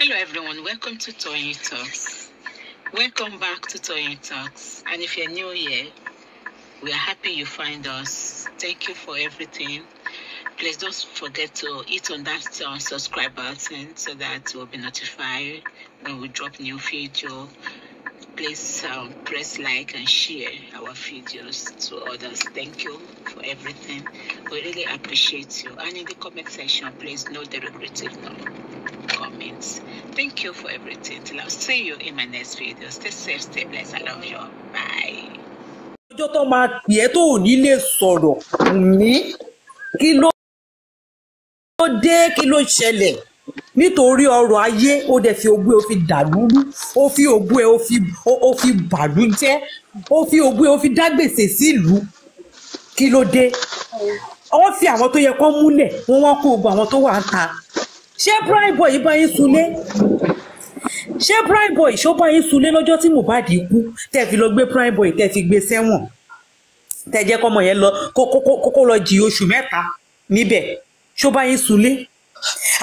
Hello everyone, welcome to Toy Talks. Welcome back to Toy Talks. And if you're new here, we are happy you find us. Thank you for everything. Please don't forget to hit on that uh, subscribe button so that you'll be notified when we drop new video. Please um, press like and share our videos to others. Thank you for everything. We really appreciate you. And in the comment section, please no derogatory note. friends. Thank you for everything. Till I'll see you in my next video. Stay safe, stay blessed. I love you. Bye. ọjọ́ tó máa tiẹ̀ tó ò ní lè sọ̀rọ̀ ní kí ló dé kí ló ṣẹlẹ̀ nítorí ọrọ̀ ayé ó dẹ̀ fi ogbé ó fi dàlúrú ó fi ogbé ó fi bàlú ó fi ogbé ó fi dágbèsè sílùú kí ló dé wọ́n fi àwọn tó yẹ kó múlẹ̀ wọ́n wá kó gbogbo àwọn tó wà ń ta ṣé PrimeBoy yìí bá yín sunlé ṣé PrimeBoy ṣó bá yín sunlé lọ́jọ́ tí Mohbad kú tẹ́ fi lọ gbé PrimeBoy tẹ́ fi gbé sẹ́wọ̀n tẹ́ jẹ́ kọ́mọ yẹn lọ kókó lọ jì oṣù mẹ́ta níbẹ̀ ṣó bá yín sunlé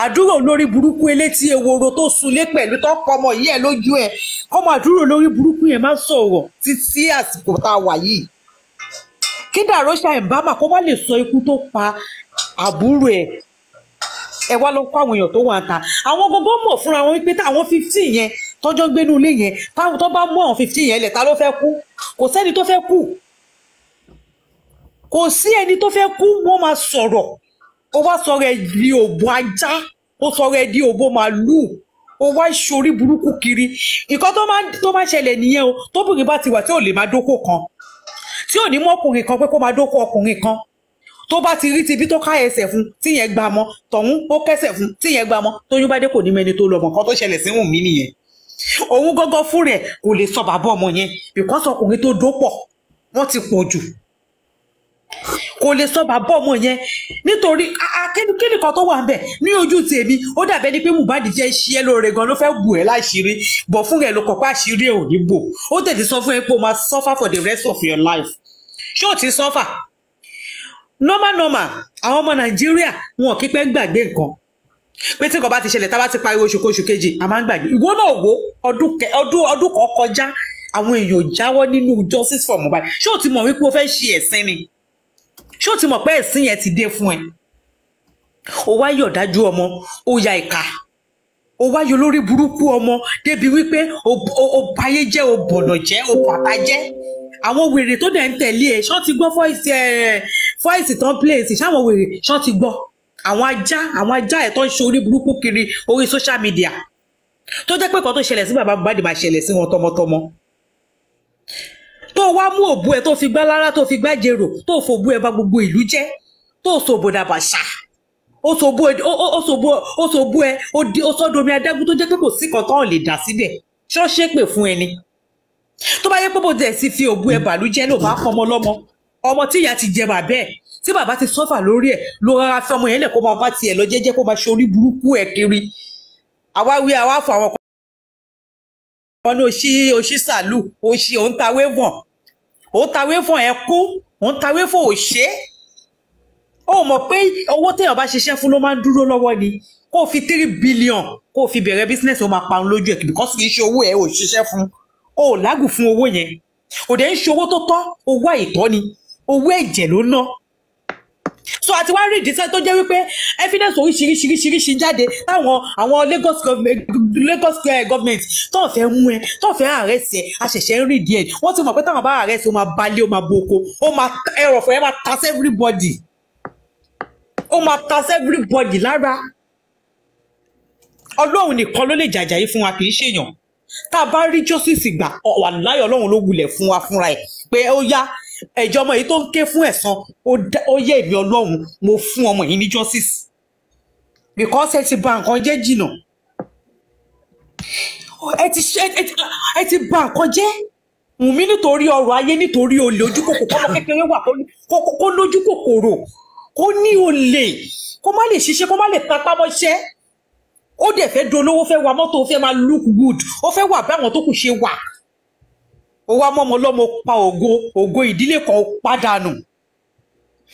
àdúrò olórí burúkú elétí eworo tó sunlé pẹ̀lú tó kọmọ yìí ẹ̀ lójú ẹ̀ kọ́mọ àdúrò olórí burúkú yẹn máa sọ̀rọ̀ títí àsìkò tá a wà yìí kí dàrọ́ṣà ẹ̀ bá mà kó má lè sọ ikú tó pa àbúrò ẹ̀ ẹ wá lọ kó àwọn èèyàn tó wà ta àwọn gbogbo mọ̀ fúnra wọn wípé táwọn fifteen yẹn tọ́jọ́ gbénú ilé yẹn táwọn tó bá mú àwọn fifteen yẹn lẹ̀ ta ló fẹ́ kú kò sẹ́ni tó fẹ́ kú kò sí ẹni tó fẹ́ kú wọ́n máa sọ̀rọ̀ ó wá sọ̀rọ̀ ẹ̀ di òbò ajá ó sọ̀rọ̀ ẹ̀ di òbò màlúù ó wá ìṣorí burúkú kiri nǹkan tó máa tó máa ṣẹlẹ̀ nìyẹn o tóbìnrin bá ti wà tí ò lè máa dóko kan tí ò ní mọ́kùnrin kan pé kó máa dóko ọkùnrin kan tó bá ti rí ti bí tó ká ẹsẹ̀ fún tíyẹn gbà mọ́ tọ̀hún ó kẹsẹ̀ fún tíyẹn gbà mọ́ tóyún bá dé kò ní mẹni tó lọ mọ̀ kan tó ṣẹlẹ̀ sí Wùnmí nìyẹn òun gọ́gọ́ fún rẹ̀ kò lè sọ bàbá ọmọ yẹn because ọkùnrin tó dópọ̀ wọ́n ti pọ̀ jù kò lè sọ bàbá ọmọ yẹn nítorí kíni kan tó wà ń bẹ ní ojú tèmi ó dàbẹ ni pé Mohbad jẹ iṣẹ lóore gan ló fẹ́ bù ẹ láṣìírí bọ fún ẹ ló kọ pé àṣírí ẹ ò ní bò ó tètè sọ fún ẹ pé o máa suffer for the rest of your life ṣé o ti suffer normal normal àwọn ọmọ nàìjíríà wọn kí pẹ́ gbàgbé nǹkan pé tí nǹkan bá ti ṣẹlẹ̀ tá a bá ti pariwo oṣù koṣù kejì a máa ń gbàgbé ìwọ náà wo ọdún kan kọjá àwọn èèyàn jáwọ́ nínú justice for Mohbad ṣé o ti mọ̀ wípé o fẹ́ ṣe ẹ̀sìn ni ṣé o ti mọ̀ pé ẹ̀sìn yẹn ti dé fún ẹ o wá yọ̀dájú ọmọ o ya ìka o wá yọ burúkú ọmọ débi wípé o bayé jẹ́ o bọ̀nà jẹ́ o bàbá jẹ́ àwọn wèrè tó dẹ̀ ń tẹ̀lé ẹ̀ ṣán ti gbọ́ fọ́ìsì ẹ̀ fọ́ìsì tán pléèsì ṣáwọn wèrè ṣán ti gbọ́ àwọn ajá àwọn ajá ẹ̀ tó ń ṣe orí burúkú kiri orí social media tó jẹ́ pé kan tó ṣẹlẹ̀ sí bàbá Mohbad máa ṣẹlẹ̀ sí wọn tọmọtọmọ tó wá mú òbú ẹ tó fi gbá lára tó fi gbá jèrò tó fòbú ẹ bá gbogbo ìlú jẹ tó sòbòdà bàṣà ó sòbú ẹ ó sòbú ẹ ó sọdọ omi adágún tó jẹ́ pé kò sí kankan lè dà síbẹ̀ ṣọ́ṣẹ́ pè fún ẹni tó bá yẹ pé bó dẹ̀ sí fi ògùn ẹ̀ bàlújẹ́ ló bá fọmọ lọ́mọ ọmọ tí ìyá ti jẹ bàbẹ́ ẹ̀ tí bàbá ti sọ́fà lórí ẹ̀ ló rárá fi ọmọ yẹn lẹ̀ kó máa bá tiẹ̀ lọ jẹ́jẹ́ kó máa ṣe orí burúkú ẹ̀ kiri àwa wí àwa fọ àwọn kan ní oṣí oṣí sàlù oṣí òun tawé vọ̀n òun tawé vọ̀n ẹ̀ kú òun tawé fún òṣè ó mọ̀ pé owó téèyàn bá ṣiṣẹ́ fún ló máa ń dúró lọ́wọ́ ni kó fi three billion kó fi bẹ̀rẹ̀ business ó máa parun lójú ẹ̀ because kì í ṣe owó ẹ̀ ò fún un o ò lágùn fún owó yẹn òde ń ṣe owó tó tọ́ owó àìtọ́ ni owó ẹ̀jẹ̀ ló ná so àti wá rí ìdísẹ́ tó jẹ́ wípé evidence oríṣiríṣiríṣiríṣi jáde táwọn àwọn Lagos government Lagos eh, government tó ń fẹ́ mú ẹ tó ń fẹ́ arrest ẹ àṣẹ̀ṣẹ̀ ń rí díẹ̀ wọ́n ti mọ̀ pé táwọn bá arrest ó máa balẹ̀ ó máa boko ó máa ẹrọ̀ fún ẹ máa tas everybody ó máa tas everybody lára ọlọ́run nìkan ló lè jàjà yìí fún wa kì í ṣèyàn tá a bá rí justice gbà wà láyọ̀ ọlọ́run ló wulẹ̀ fún wa fúnra ẹ̀ pé ó yá ẹ̀jọ̀ ọmọ yìí tó ń ké fún ẹ̀san ó yẹ èmi ọlọ́run mo fún ọmọ yìí ní justice because ẹ ti bà nǹkan jẹ́ jìnnà ẹ ti ẹ ti bà nǹkan jẹ́ wùmí nítorí ọrọ̀ ayé nítorí olè ojú kòkòrò kọ́mọ kékeré wà kó lójú kòkòrò kó ní olè kó má lè ṣiṣẹ́ kó má lè tapá mọ́ṣẹ́ ó dẹ̀ fẹ́ dolówó fẹ́ wa mọ́tò ó fẹ́ máa look good ó fẹ́ wà báwọn tó kù ṣe wà ó wá mọ́mọ́ lọ́mọ pa ògo ògo ìdílé kan pàdánù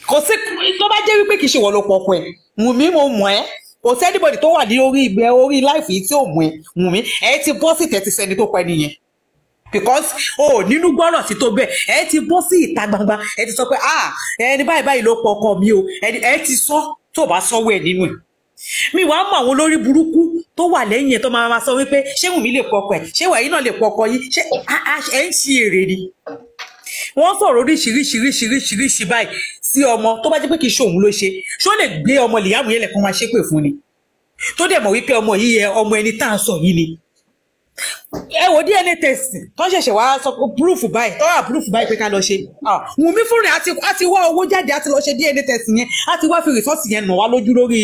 kò sí tó bá jẹ́ wípé kì í ṣe wọ́n ló pọ̀ pẹ́ wùmí mo mọ̀ ẹ́ kò sí anybody tó wà ní orí ibẹ̀ orí láìfì tí ò mọ̀ ẹ́ wùmí ẹ ti bọ́ sí tẹ̀tí sẹ́ni tó pẹ́ nìyẹn because o oh, nínú gbọ́rọ̀ sí tó bẹ́ẹ̀ ẹ ti bọ́ sí ìta gbangba ẹ ti sọ pé ah ẹni báyìí báyìí ló pọ̀ ọkọ mi o ẹ ti sọ tó bá sọ́wọ́ ẹ̀ nínú ẹ̀ mi wàá mọ àwọn olórí burúkú tó wà lẹ́yìn ẹ̀ tó máa máa sọ wípé ṣé wùmí lè pọkọ ẹ̀ ṣé wàyí náà lè pọkọ yìí ṣé ẹ̀ ń ṣe èrè ni wọ́n sọ̀rọ̀ oríṣiríṣiríṣiríṣiríṣi báyìí sí ọmọ tó bá jẹ́ pé kì í ṣe òun ló ṣe ṣó lè gbé ọmọ lìyàwó yẹn lẹ̀kan máa ṣépè fún ni tó dẹ̀ mọ̀ wípé ọmọ yìí yẹ ọmọ ẹni tá à ń sọ ni ẹ wo DNA test tó ṣẹ̀ṣẹ̀ wá sọ proof báyìí tó wà proof báyìí pé ká lọ ṣe ah, Wùnmí fúnra á ti wá owó jáde á ti lọ ṣe DNA test yẹn á ti wá fi rìsọ́ọ̀tì yẹn nà wá lójú lórí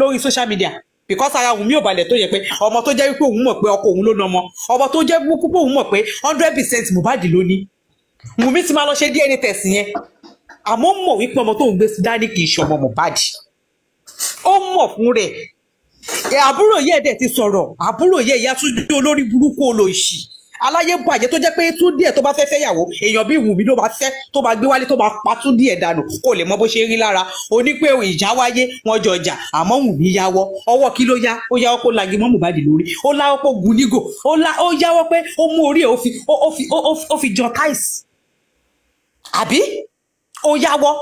lórí social media because ara Wùnmí ò balẹ̀ tó yẹ pé ọmọ tó jẹ́ wípé òun mọ̀ pé ọkọ òun ló nà ọmọ ọmọ tó jẹ́ wípé òun mọ̀ pé hundred percent Mohbad ló ní Wùnmí ti máa lọ ṣe DNA test yẹn àmọ́ mọ̀ wípé ọmọ tó ń gbé sí dání kì í ṣe ọmọ Mohbad ó mọ̀ fún rẹ̀ àbúrò yẹ dẹ̀ ti sọ̀rọ̀ àbúrò yẹ ìyá Túndé olórí burúkú olóòṣì aláyé bàjẹ́ tó jẹ́ pé Túndé ẹ̀ tó bá fẹ́ fẹ́yàwó èèyàn bí Wùmí ló bá fẹ́ tó bá gbé wálé tó bá pa Túndé ẹ̀ dànù kò lè mọ bó ṣe rí lára oní pé ìjà wáyé wọn jọ jà àmọ́ Wùmí yáwọ́ ọwọ́ kí ló yá ó yáwọ́ kó lagi mọ́ Mohbad lórí ó láwọ́ kó gun nígò ó yáwọ́ pé ó mú orí ẹ̀ ó fi jọ táìsì àbí ó yáwọ́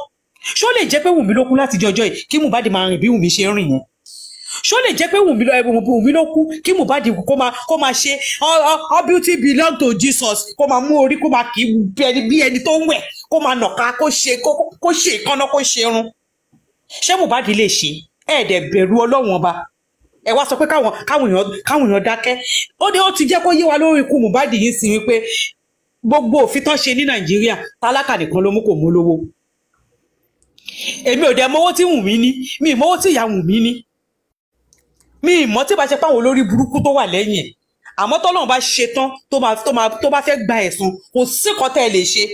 ṣó lè jẹ́ pé Wùmí ló kú láti jọjọ́ yìí kí Mohbad máa rìn bí Wùmí ṣe ń rìn yẹn ṣó lè jẹ́ pé wùmí ló wùmí ló kú kí Mohbad kó máa ṣe all beauty belong to Jesus kó máa mú orí kó máa kì í bí ẹni tó ń wẹ̀ kó máa nàka kó ṣe kó ṣe ìkànnà kó ṣe irun ṣé Mohbad lè ṣe ẹ̀ẹ́dẹ̀ bẹ̀rù ọlọ́wọ́n ọba ẹ wá sọ pé káwọn káwọn èèyàn káwọn èèyàn dákẹ́ ó ní ó ti jẹ́ kó yé wa lórí ikú Mohbad yìí sí wípé gbogbo òfin tán ṣe ní Nàìjíríà tálákà nìkan ló mú kò mú lówó èmi ò dẹ̀ mọ́wọ́ tí wùn mí ní mi mọ́wọ́ tí ìyá wùn mí ní mi ìmọ̀ tí bá ṣe páwọn olórí burúkú tó wà lẹ́yìn ẹ̀ àmọ́ tọ́lọ́run bá ṣe tán tó máa tó máa tó bá fẹ́ gba ẹ̀sùn kò sí kan tẹ́ ẹ lè ṣe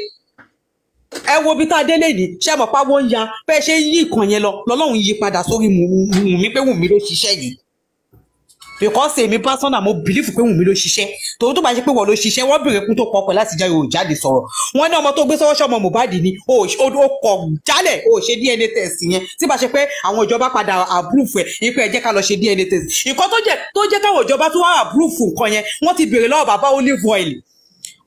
ẹ wo bí tá a délé yìí ṣe mọ̀ páwọn ya bẹ́ẹ̀ ṣe yí ìkàn yẹn lọ lọ́lọ́run yí padà sórí Wùnmí pé Wùnmí ló ṣiṣẹ́ yìí because èmi personal mo believe pé Wùnmí ló ṣiṣẹ́ tòun tó bá ṣe pé wọ́n ló ṣiṣẹ́ wọ́n bèrè kún tó kọ́ pẹ̀ láti jáde ò jáde sọ̀rọ̀ wọ́n ní ọmọ tó gbé sọ́wọ́ ṣọmọ Mohbad ni ó kọ̀ jálẹ̀ ó ṣe DNA test yẹn tí bá ṣe pé àwọn ìjọba padà approve ẹ̀ ipe ẹ jẹ́ ká lọ ṣe DNA test nǹkan tó jẹ́ káwọn ìjọba tó wá approve nǹkan yẹn wọ́n ti bèrè lọ́wọ́ bàbá olive oil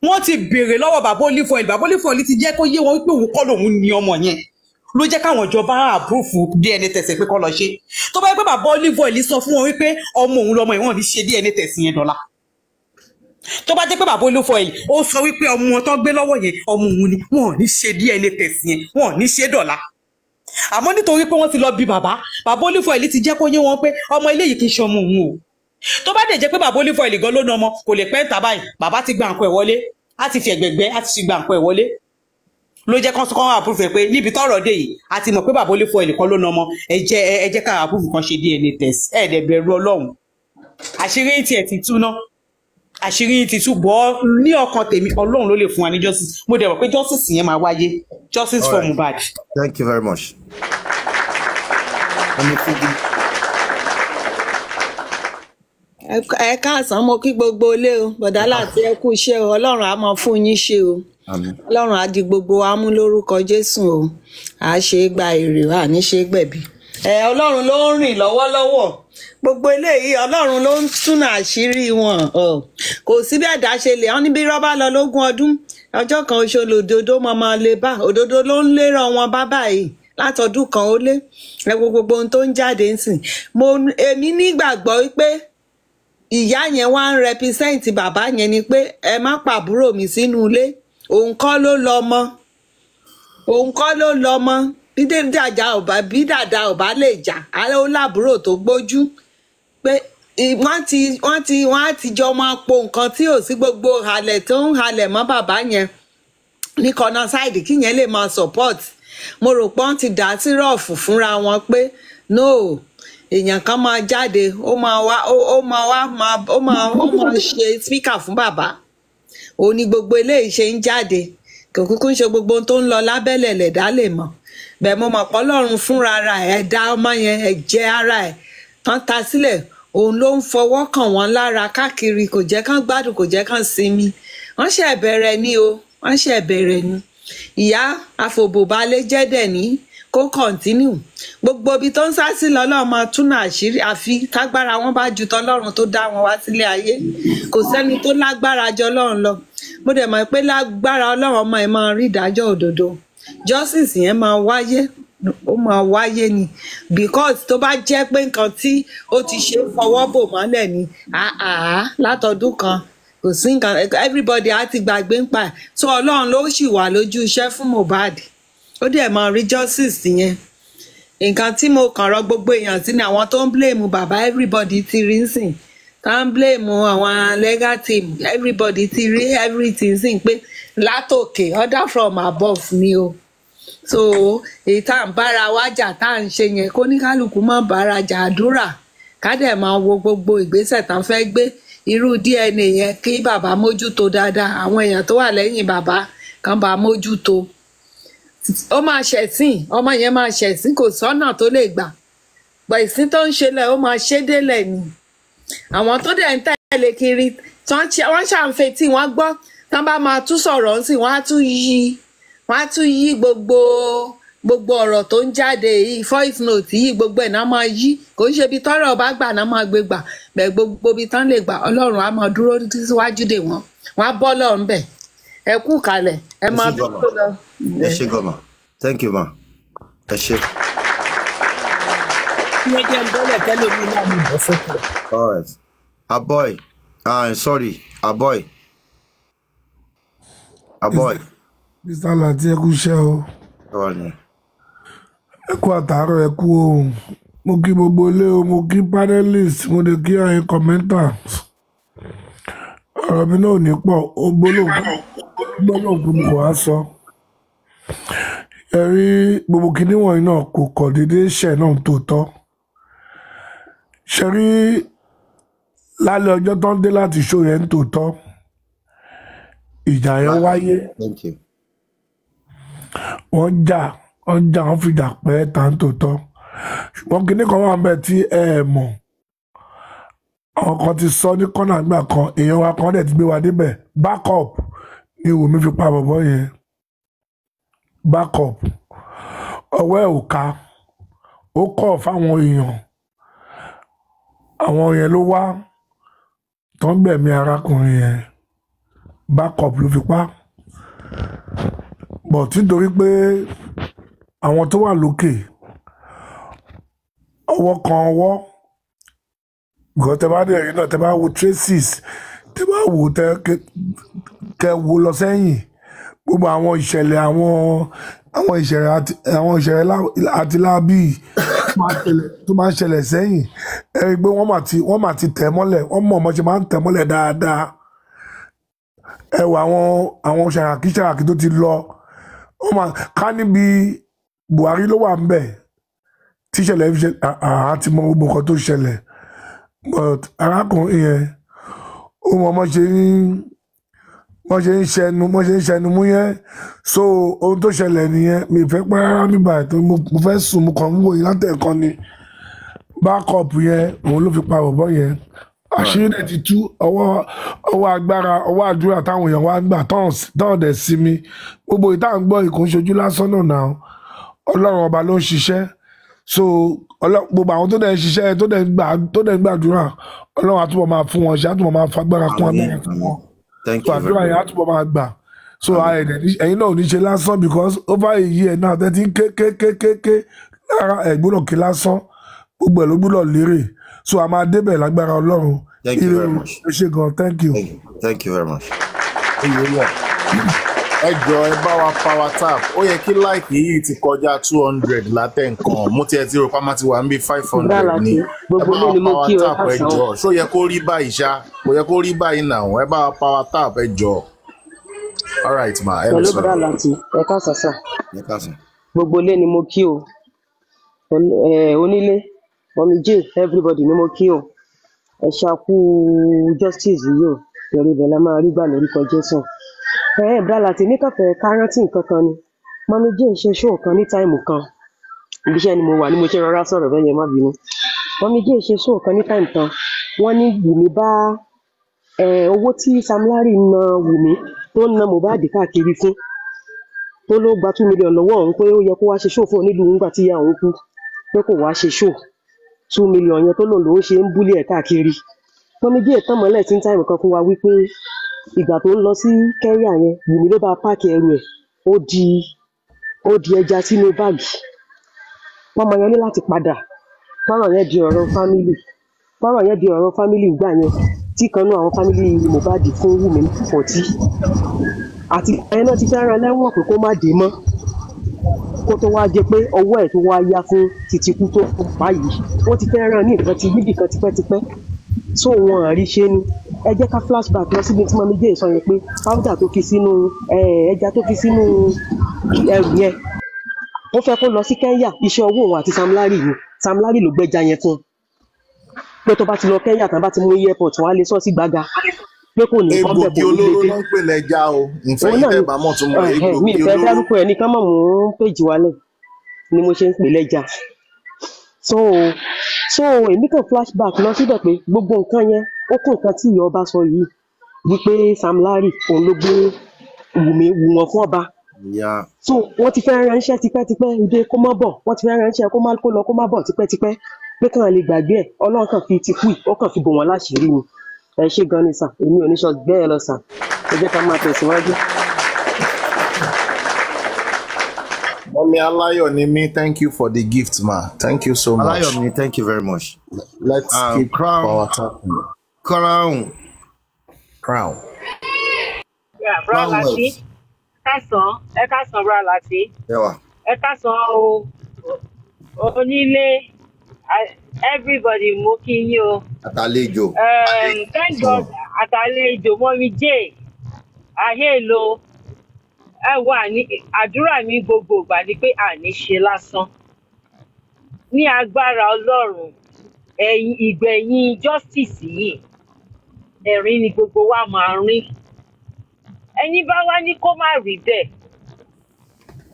wọ́n ti bèrè lọ́wọ́ bàbá olive oil bàbá olive oil ti jẹ́ kó yé wọn wípé òun kọ́ lòun ni ọmọ yẹn ló jẹ́ káwọn ìjọba àbúrúfù dna test pé kọ́ lọ ṣe tó bá yẹ pé bàbá olive oil sọ fún wọn wípé ọmọ òun lọmọ ìwọ̀n ní ṣe dna test yẹn dọ́là tó bá jẹ́ pé bàbá olófo yìí ó sọ wípé ọmọ wọn tó gbé lọ́wọ́ yẹn ọmọ òun ni wọn ò ní ṣe dna test yẹn wọn ò ní ṣe dọ́là àmọ́ nítorí pé wọ́n ti lọ bí bàbá bàbá olófo yìí ti jẹ́ kó yé wọn pé ọmọ eléyìí kì í ṣe ọmọ òun o tó bá dẹ̀ jẹ́ pé bàbá olófo yìí gan lónà ọmọ kò lè pẹ́ńtà báyìí bàbá ti gba nǹkan ẹ̀ wọlé á ti fi ẹ̀gbẹ̀gbẹ́ á ti fi gba nǹkan ẹ̀ wọlé ló jẹ́ kán kán àpúrúfù pé níbi tọ́rọ̀ dé yìí a ti mọ̀ pé bàbá olófo ẹnìkan ló na ọmọ ẹ jẹ́ ẹ jẹ́ ká àpúrúfù kan ṣe DNA test ẹ̀ dẹ̀ bẹ̀rù ọlọ́run àṣírí tiẹ̀ ti tú ná àṣírí ti tú bọ́ ní ọkàn tèmi ọlọ́run ló lè fún wa ní justice mo dẹ̀ rò pé justice yẹn máa wáyé justice for Mohbad. thank you very much. ẹ káàsán mo kí gbogbo ilé o bọ̀dá láti ẹ iṣẹ́ o ọlọ́run á máa fún yín ṣe o ọlọ́run á di gbogbo wa mú lórúkọ jésù o à ṣe é gba èrè wa ní ṣe é gbẹ̀bí ẹ ọlọ́run ló ń rìn lọ́wọ́lọ́wọ́ gbogbo eléyìí ọlọ́run ló ń túnà àṣírí wọn kò sí bí ẹ̀dá ṣe lè wọn níbi rọ́bà lọ lógún ọdún ọjọ́ kan oṣù lòdòdó mọ́mọ́ lè bá òdòdó ló ń lérò wọn bá báyìí látọdún kan ó lé ẹ wo gbogbo ohun tó ń jáde nsìn mo èmi nígbàgbọ́ pé ìyá yẹn wá ń rẹpísẹ́ǹtì bàbá yẹn ni pé ẹ má pàbúrò mi sínú ilé òun kọ́ ló lọ́mọ òun kọ́ ló lọ́mọ bí dàda ọba bí dàda ọba lè jà ààrẹ ó láàbúrò tó gbójú pé wọ́n ti wọ́n ti wọ́n á ti jọ máa po nǹkan tí ò sí gbogbo halẹ̀ tó ń halẹ̀ mọ́ bàbá yẹn ní kọ́nà sáìdì kí lè máa support mo rò pé wọ́n ti dá sírọ̀fù fúnra wọn pé no èèyàn kan máa jáde ó máa wá ó máa wá ó máa ó máa ṣe speaker fún bàbá òun ni gbogbo eléyìí ṣe ń jáde kò kúkú ń ṣe gbogbo ohun tó ń lọ lábẹ́lẹ̀ lẹ̀dá lè mọ̀ bẹ́ẹ̀ mo mọ̀ pọ́lọ́run fúnra ara ẹ̀ ẹ̀dá ọmọ yẹn ẹ̀jẹ̀ ara ẹ̀ tán ta sílẹ̀ òun ló ń fọwọ́ kàn wọ́n lára káàkiri kò jẹ́ kán gbádùn kò jẹ́ kán sinmi wọ́n ṣe bẹ̀rẹ̀ ni o wọ́n ṣe bẹ̀rẹ̀ ni ìyá àfòbòbalẹ̀ ní kó kọ̀ǹtínú gbogbo ibi tó ń sá sí lọ lọ́ọ́ máa túnà àṣírí àfi kágbára wọn bá ju tọlọ́run tó dá wọn wá sílé ayé kò sẹ́ni tó lágbára jọ ọlọ́run lọ mo dẹ̀ mọ̀ pé lágbára ọlọ́run ọmọ ẹ̀ máa rí ìdájọ́ òdodo justice yẹn máa wáyé ó máa wáyé ni because tó bá jẹ́ pé nǹkan tí ó ti ṣe fọwọ́ bò mọ́lẹ̀ ni àá látọdún kan kò sí nǹkan everybody á ti gbàgbé ń pa so ọlọ́run ló ṣì wà lójú iṣẹ́ fún Mohbad ó dẹ̀ máa rí justice yẹn nǹkan tí mo kàn rọ gbogbo èèyàn sí ni àwọn tó ń blame bàbá everybody ti rí sìn tá ń blame àwọn legal team everybody ti rí everything sìn pé látòkè order from above ni o so èyí tá à ń bára wa jà tá à ń ṣe yẹn kó ní kálukú má bára jà àdúrà ká dẹ̀ máa wo gbogbo ìgbésẹ̀ tá a fẹ́ gbé irú DNA yẹn kí bàbá mójútó dáadáa àwọn èèyàn tó wà lẹ́yìn bàbá kan bá mójútó ó máa ṣẹ̀sìn ọmọ yẹn máa ṣẹ̀sìn kò sọ́nà tó lè gbà gbẹ̀sìn tó ń ṣe lẹ̀ ó máa ṣe délẹ̀ ni àwọn tó dẹ̀ ń tẹ̀lé kiri wọ́n ṣàǹfẹ́ tí wọ́n gbọ́ tán bá máa tún sọ̀rọ̀ ń sìn wọ́n á tún yí wọ́n á tún yí gbogbo gbogbo ọ̀rọ̀ tó ń jáde yìí voice note yìí gbogbo ẹ̀ náà máa yí kò ń ṣe ibi tọ́rọ̀ ọba gbà náà máa gbé gbà bẹ́ẹ̀ gbogbo ibi tán lè gbà ọlọ́run á máa dúró síwájú dè wọ́n wọ́n á bọ́ lọ́run bẹ́ẹ̀ ẹ kú kalẹ̀ ẹ máa bí tó lọ. ẹ ṣe gọmọ thank you ma ẹ ṣe. ṣé jẹ́ ń bọ́lẹ̀ tẹ́lẹ̀ mi náà mi bọ́ sókè. all right aboy ah sorry aboy aboy. mr lati ẹ kú iṣẹ́ o ẹ kú àtàárọ̀ ẹ kú ohun mo kí gbogbo ilé o mo kí panelist mo lè kí ẹ̀yin commenter ọ̀rọ̀ mi náà ní pọ̀ ó gbólóhùn tó kò á sọ. ẹ̀rí gbogbo kìíní wọ̀nyí náà kò kọ̀ déédéé ṣẹ̀ náà tó tọ́. ṣe rí lálẹ́ ọjọ́ tó ń dé láti ṣó yẹn tó tọ́ ìjà yẹn wáyé wọ́n jà wọ́n jà wọ́n fìjà pẹ́ tá ń tó tọ́ ṣùgbọ́n kìíní kan wà ń bẹ tí ẹ mọ̀ àwọn kan ti sọ ní kọ́nà àgbà kan èèyàn wa kan dẹ̀ ti gbé wa débẹ̀ backup ni Wùmí fi pa bọ̀bọ̀ yẹn backup ọwọ́ ẹ̀ ò ká ó kọ̀ fáwọn èèyàn àwọn yẹn ló wá tó ń gbẹ̀mí arákùnrin yẹn backup ló fi pa bọ̀ títorí pé àwọn tó wà lókè ọwọ́ kan ọwọ́ because tẹ bá dẹ̀ náà tẹ bá wo traces tẹ bá wo tẹ kẹ wo lọ sẹ́yìn gbogbo àwọn ìṣẹ̀lẹ̀ àwọn àwọn ìṣẹ̀lẹ̀ àwọn ìṣẹ̀lẹ̀ àti láàbì tó máa ń ṣẹlẹ̀ sẹ́yìn ẹ rí i pé wọ́n mà ti wọ́n mà ti tẹ̀ mọ́lẹ̀ wọ́n mọ̀ ọmọ ṣe máa ń tẹ̀ mọ́lẹ̀ dáadáa ẹ wọ àwọn àwọn ṣàràkí ṣàràkí tó ti lọ wọ́n mà ká níbi Buhari ló wà ń bẹ̀ tíṣẹ̀lẹ̀ fi ṣe àá ti mọ gbogbo nǹkan tó ṣẹlẹ̀ but arákùnrin yẹn ó mọ ọmọ ṣe ń mọ ṣe ń ṣẹnu mọ ṣe ń ṣẹnu mú yẹn so ohun tó ṣẹlẹ̀ nìyẹn mi fẹ́ pẹ́ rárá mi bàá tó mo fẹ́ sùn mo kàn ń wòye látẹ̀kan ni bákọ̀pù yẹn òun ló fi pa bọ̀bọ̀ yẹn àṣírí ti tú ọwọ́ ọwọ́ agbára ọwọ́ àdúrà táwọn èèyàn wá ń gbà tán dẹ̀ sí mi gbogbo ìta ń gbọ́ ìkó ṣojú lásán náà náà ọba ló ń ṣiṣẹ́ so gbogbo àwọn tó dẹ̀ ń ṣiṣẹ́ tó dẹ̀ ń gbà tó dẹ̀ ń gbàdúrà ọlọ́run àtúbọ̀ máa fún wọn ṣe àtúbọ̀ máa fagbára kún agbára fún wọn so àdúrà yẹn àtúbọ̀ máa gbà so ẹ̀yin náà ò ní ṣe lásán because over a year now thirty ké ké ké ké ké lára ẹ̀gbọ́dọ̀ ké lásán gbogbo ẹ̀ ló gbọ́dọ̀ lérè so a máa débẹ̀ lágbára ọlọ́run ire o ṣe gan thank you. thank you very much ẹ jọ ẹ bá wa power tap ó yẹ kí láìkì yìí ti kọjá two hundred látẹ̀ nǹkan mo tiẹ̀ ti rò pa ti wà ń bí five hundred ni ẹ bá wa power tap ẹ jọ ṣó yẹ kó rí báyìí ṣá kò yẹ kó rí báyìí nà ẹ bá wa power tap ẹ all right ma ẹ lọ sọ. pẹ̀lú bàdà láti ẹ ká sàṣà gbogbo ilé ni mo kí o onílé mọ̀mí jane everybody ni mo kí o ẹ ṣàkú justice yìí o ìrìnbẹ̀ la máa rí gbà lórúkọ jésù um bra tèmi kàn fẹ́ ká rántí nǹkan kan ni mọ́mí Jane ṣe ṣóò kan ní táìmù kan ibi iṣẹ́ ni mo wà ní mo ṣe rọra sọ̀rọ̀ bẹ́ẹ̀ yẹn má bínú mọ́mí Jane ṣe ṣóò kan ní táìmù kan wọ́n ní Wùmí bá um owó tí Sam na Wùmí tó na Mohbad káàkiri fún tó ló gba two million lọ́wọ́ òun pé ó yẹ kó wá ṣe ṣóò fún onílù nígbà tí ìyá òun kú pé kó wá ṣe ṣóò two million yẹn tó lòun lòún ṣe ń búlé ẹ̀ káàkiri mọ́mí Jane tàn mọ́lẹ̀ sí táìmù kan fún wa wípé ìgbà tó ń lọ sí Kenya yẹn Wùmí ló bá a páàkì ẹrù ẹ̀ ó di ó di ẹja sínú báàgì ọmọ yẹn ní láti padà tọ́rọ̀ yẹn di ọ̀rọ̀ fámílì tọ́rọ̀ yẹn di ọ̀rọ̀ fámílì ìgbà yẹn tí kan nú àwọn fámílì Mohbad fún Wùmí fọ̀tí àti ẹni náà ti fẹ́ ran lẹ́wọ̀n pé kó má dé mọ́ kó tó wá jẹ pé ọwọ́ ẹ̀ tó wá yá fún tìtìkú tó kú báyìí wọ́n ti fẹ́ ran ní nǹkan ti bíbì kan tipẹ́tipẹ́ so wọn àrí ṣe ni ẹ jẹ́ ká flashback lọ síbi tí mọ̀mí jẹ́ ìsọyìn pé powder tó fi sínú ẹja tó fi sínú ẹrù yẹn ó fẹ́ kó lọ sí Kenya iṣẹ́ owó òun àti Sam Larry yìí Sam Larry ló gbẹ́ja yẹn fún pé tó bá ti lọ Kenya tán bá ti mú airport wọn á lè sọ sí gbága pé kò ní bọ́ bẹ̀ kò ní lè dé. egbògi olóró ló ń pè lẹ́jà o nfẹ́ yìí tẹ̀ bá mọ̀ tó mọ egbògi olóró. mi ìfẹ́ dárúkọ ẹ̀ ní ká mọ̀ mú péjì wálẹ̀ ni mo ṣe ń pè lẹ́jà so so èmi kàn flashback lọ síbẹ̀ pé gbogbo nǹkan yẹn ó kó nǹkan tí ìyá ọba sọ yìí wípé Sam Larry òun ló gbé Wùmí wù wọ́n fún ọba so wọ́n ti fẹ́ ránṣẹ́ tipẹ́tipẹ́ ìdè kó má bọ̀ wọ́n ti fẹ́ ránṣẹ́ kó má kó lọ kó má bọ̀ tipẹ́tipẹ́ pé kàn lè gbàgbé ẹ̀ ọlọ́run kàn fi ti kú ó kàn fi bò wọ́n láṣìírí ni ẹ ṣé gan ni sàn èmi ò ní sọ gbẹ́ ẹ lọ sàn ẹ jẹ́ ká máa tẹ̀síwájú. Mọ́mí Aláyọ̀ ni mí, thank you for the gift ma, thank you so much. Aláyọ̀ mi, thank you very much. Let's um, keep crown, power tapping crown. crown. Yeah, bra lati ẹ sàn ẹ ká sàn bra lati ẹ ká sàn o onílé everybody mo kí yín o. àtàlejò. thank God àtàlejò mọ́mí jẹ́ àhélò ẹ wà ní àdúrà mi gbogbo ìgbà ni pé àní ṣe lásán ní agbára Ọlọ́run ẹ̀yìn ìgbẹ̀yìn justice yìí ẹ̀rín ni gbogbo wa máa rín ẹni bá wá ní kó má rí bẹ́ẹ̀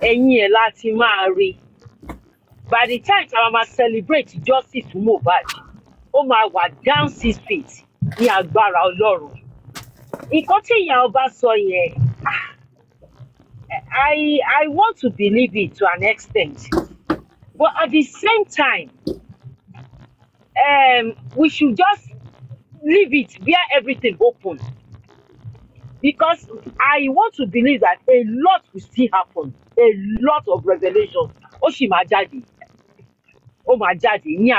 ẹ̀yìn ẹ̀ láti máa rí by the time táwa máa celebrate justice fún Mohbad ó máa wà down six feet ní agbára Ọlọ́run nǹkan tí ìyá ọba sọ yẹn ah, I I want to believe it to an extent but at the same time um, we should just leave it Bear everything open because I want to believe that a lot will still happen a lot of revelations ó sì máa jáde ó máa jáde ní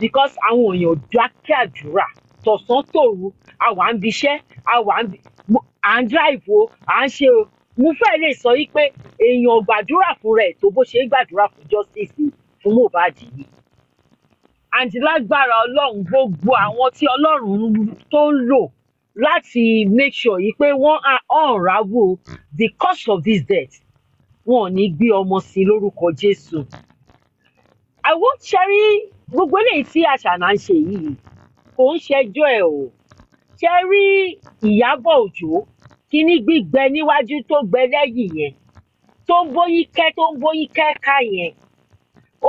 because àwọn èèyàn dákẹ́ àdúrà tọ̀sán tòru àwa ń biṣẹ́ àwa ń bi drive o à ń o mu fẹ́ lè sọ yí pé èèyàn gbàdúrà fún rẹ̀ tó bó ṣe ń gbàdúrà fún justice fún badi. yìí àǹtí lágbára ọlọ́run gbogbo àwọn tí ọlọ́run tó ń lò láti make sure yìí pé wọ́n unravel the cause of this death wọn ò ní gbé ọmọ sí i lórúkọ jésù. àwọn ṣẹ́rí gbogbo eléyìí tí àṣànà ń ṣe yìí kò ń ṣẹjọ́ ẹ̀ o ṣe rí ìyábọ̀ òjò kíní gbígbẹ níwájú tó gbẹ lẹ́yìn yẹn tó ń bóyí kẹ́ tó ń bóyí kẹ́ ká yẹn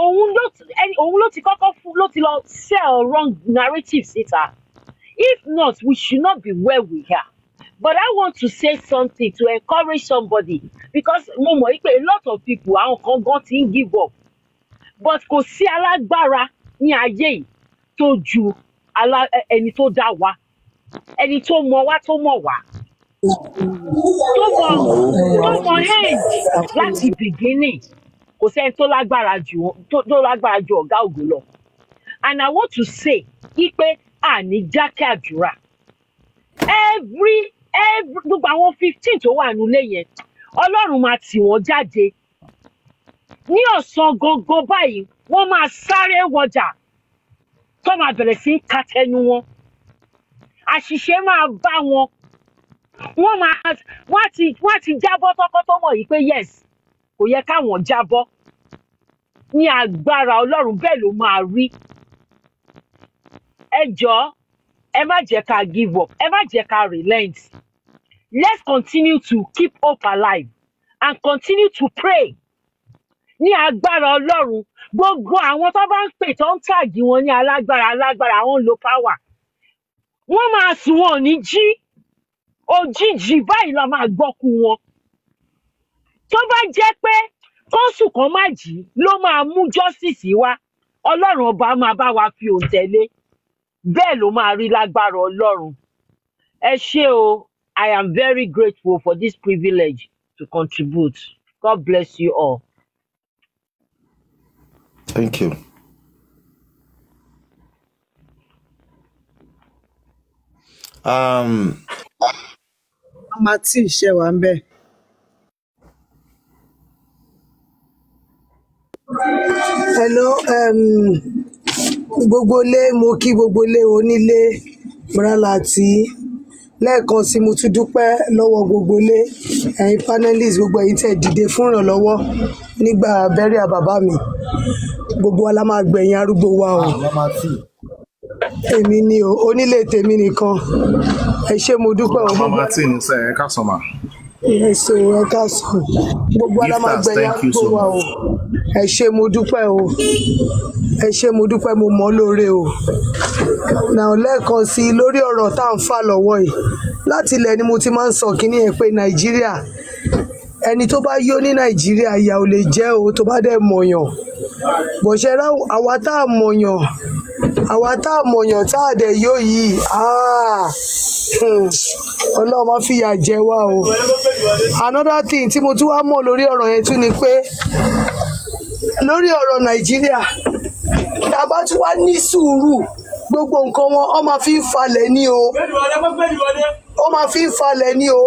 òun ló ẹni òun ló ti kọ́kọ́ fún ló ti lọ sell wrong narrative síta if not we should not be where we are but I want to say something to encourage somebody because mo mọ̀ wípé a lot of people àwọn kan gan ti ń give up but kò sí alágbára ní ayé yìí tó ju ẹni tó dá wa ẹni tó mọ̀ wá tó mọ̀ wá tó mọ̀ tó mọ̀ age láti beginning kò sẹ́ni tó lágbára ju tó lágbára ju ọ̀gá ògo lọ and I want to say wípé àní jákè àdúrà every every gbogbo àwọn fifteen tó wà nílé yẹn ọlọ́run máa tì wọ́n jáde ní ọ̀sán gógó báyìí wọ́n máa sáré wọjà tó máa bẹ̀rẹ̀ sí í katẹnu wọn àṣìṣe máa bá wọn wọ́n máa wọ́n á ti wọ́n á ti jábọ́ tọ́kọ́ yìí pé yes kò yẹ káwọn jábọ́ ní agbára ọlọ́run bẹ́ẹ̀ ló máa rí ẹ jọ̀ọ́ ẹ má jẹ́ ká give up ẹ má jẹ́ ká relent let's continue to keep hope alive and continue to pray ní agbára ọlọ́run gbogbo àwọn tó bá ń pè tó ń tàgì wọn ní alágbára alágbára àwọn ń lo power wọ́n máa sùn wọn ní jí òjijì báyìí la máa gbọ́kú wọn tó bá jẹ́ pé kóńsù kan má jí ló máa mú justice wá ọlọ́run ọba máa bá wa fi òun tẹ̀lé bẹ́ẹ̀ ló máa rí lágbára ọlọ́run ẹ ṣé o I am very grateful for this privilege to contribute God bless you all. Thank you. Um, mama tí ìṣe wa ń bẹ́ẹ̀. hello um gbogbo ilé mo kí gbogbo ilé onílé bralati lẹ́ẹ̀kan sí mo tún dúpẹ́ lọ́wọ́ gbogbo ilé ẹ̀yin panelist gbogbo ẹ̀yin tẹ̀ dìde fún ìrànlọ́wọ́ nígbà bẹ́ríà bàbá mi gbogbo wa la máa gbẹ̀yìn arúgbó wa o èmi ni o onílé tèmi nìkan ẹ ṣé mo dúpẹ́ o ẹsẹ̀ ẹ ká sàn gbogbo alámàgbẹ̀yà gbò wá o ẹ ṣé mo dúpẹ́ o ẹ ṣé mo dúpẹ́ mo mọ̀ lóore o náà lẹ́ẹ̀kan sí i lórí ọ̀rọ̀ tá à ń fà lọ́wọ́ yìí láti ilẹ̀ ni mo ti máa ń sọ kíní ẹ̀ pé nàìjíríà ẹni tó bá yó ní nàìjíríà ìyà ò lè jẹ́ o tó bá dẹ̀ mọ̀yàn bọ̀ṣẹ́ àwa tá a mọ̀yàn àwa tá a mọ̀yàn tá a dẹ̀ yóò yìí ah, hmm, ọlọ́run má fìyà jẹ wá o another thing tí mo tún wá mọ̀ lórí ọ̀rọ̀ yẹn tún ni pé lórí ọ̀rọ̀ nàìjíríà tá a bá tún wá ní sùúrù gbogbo nǹkan wọn ọ máa fi ń falẹ̀ ní o ó máa fi ń falẹ̀ ní o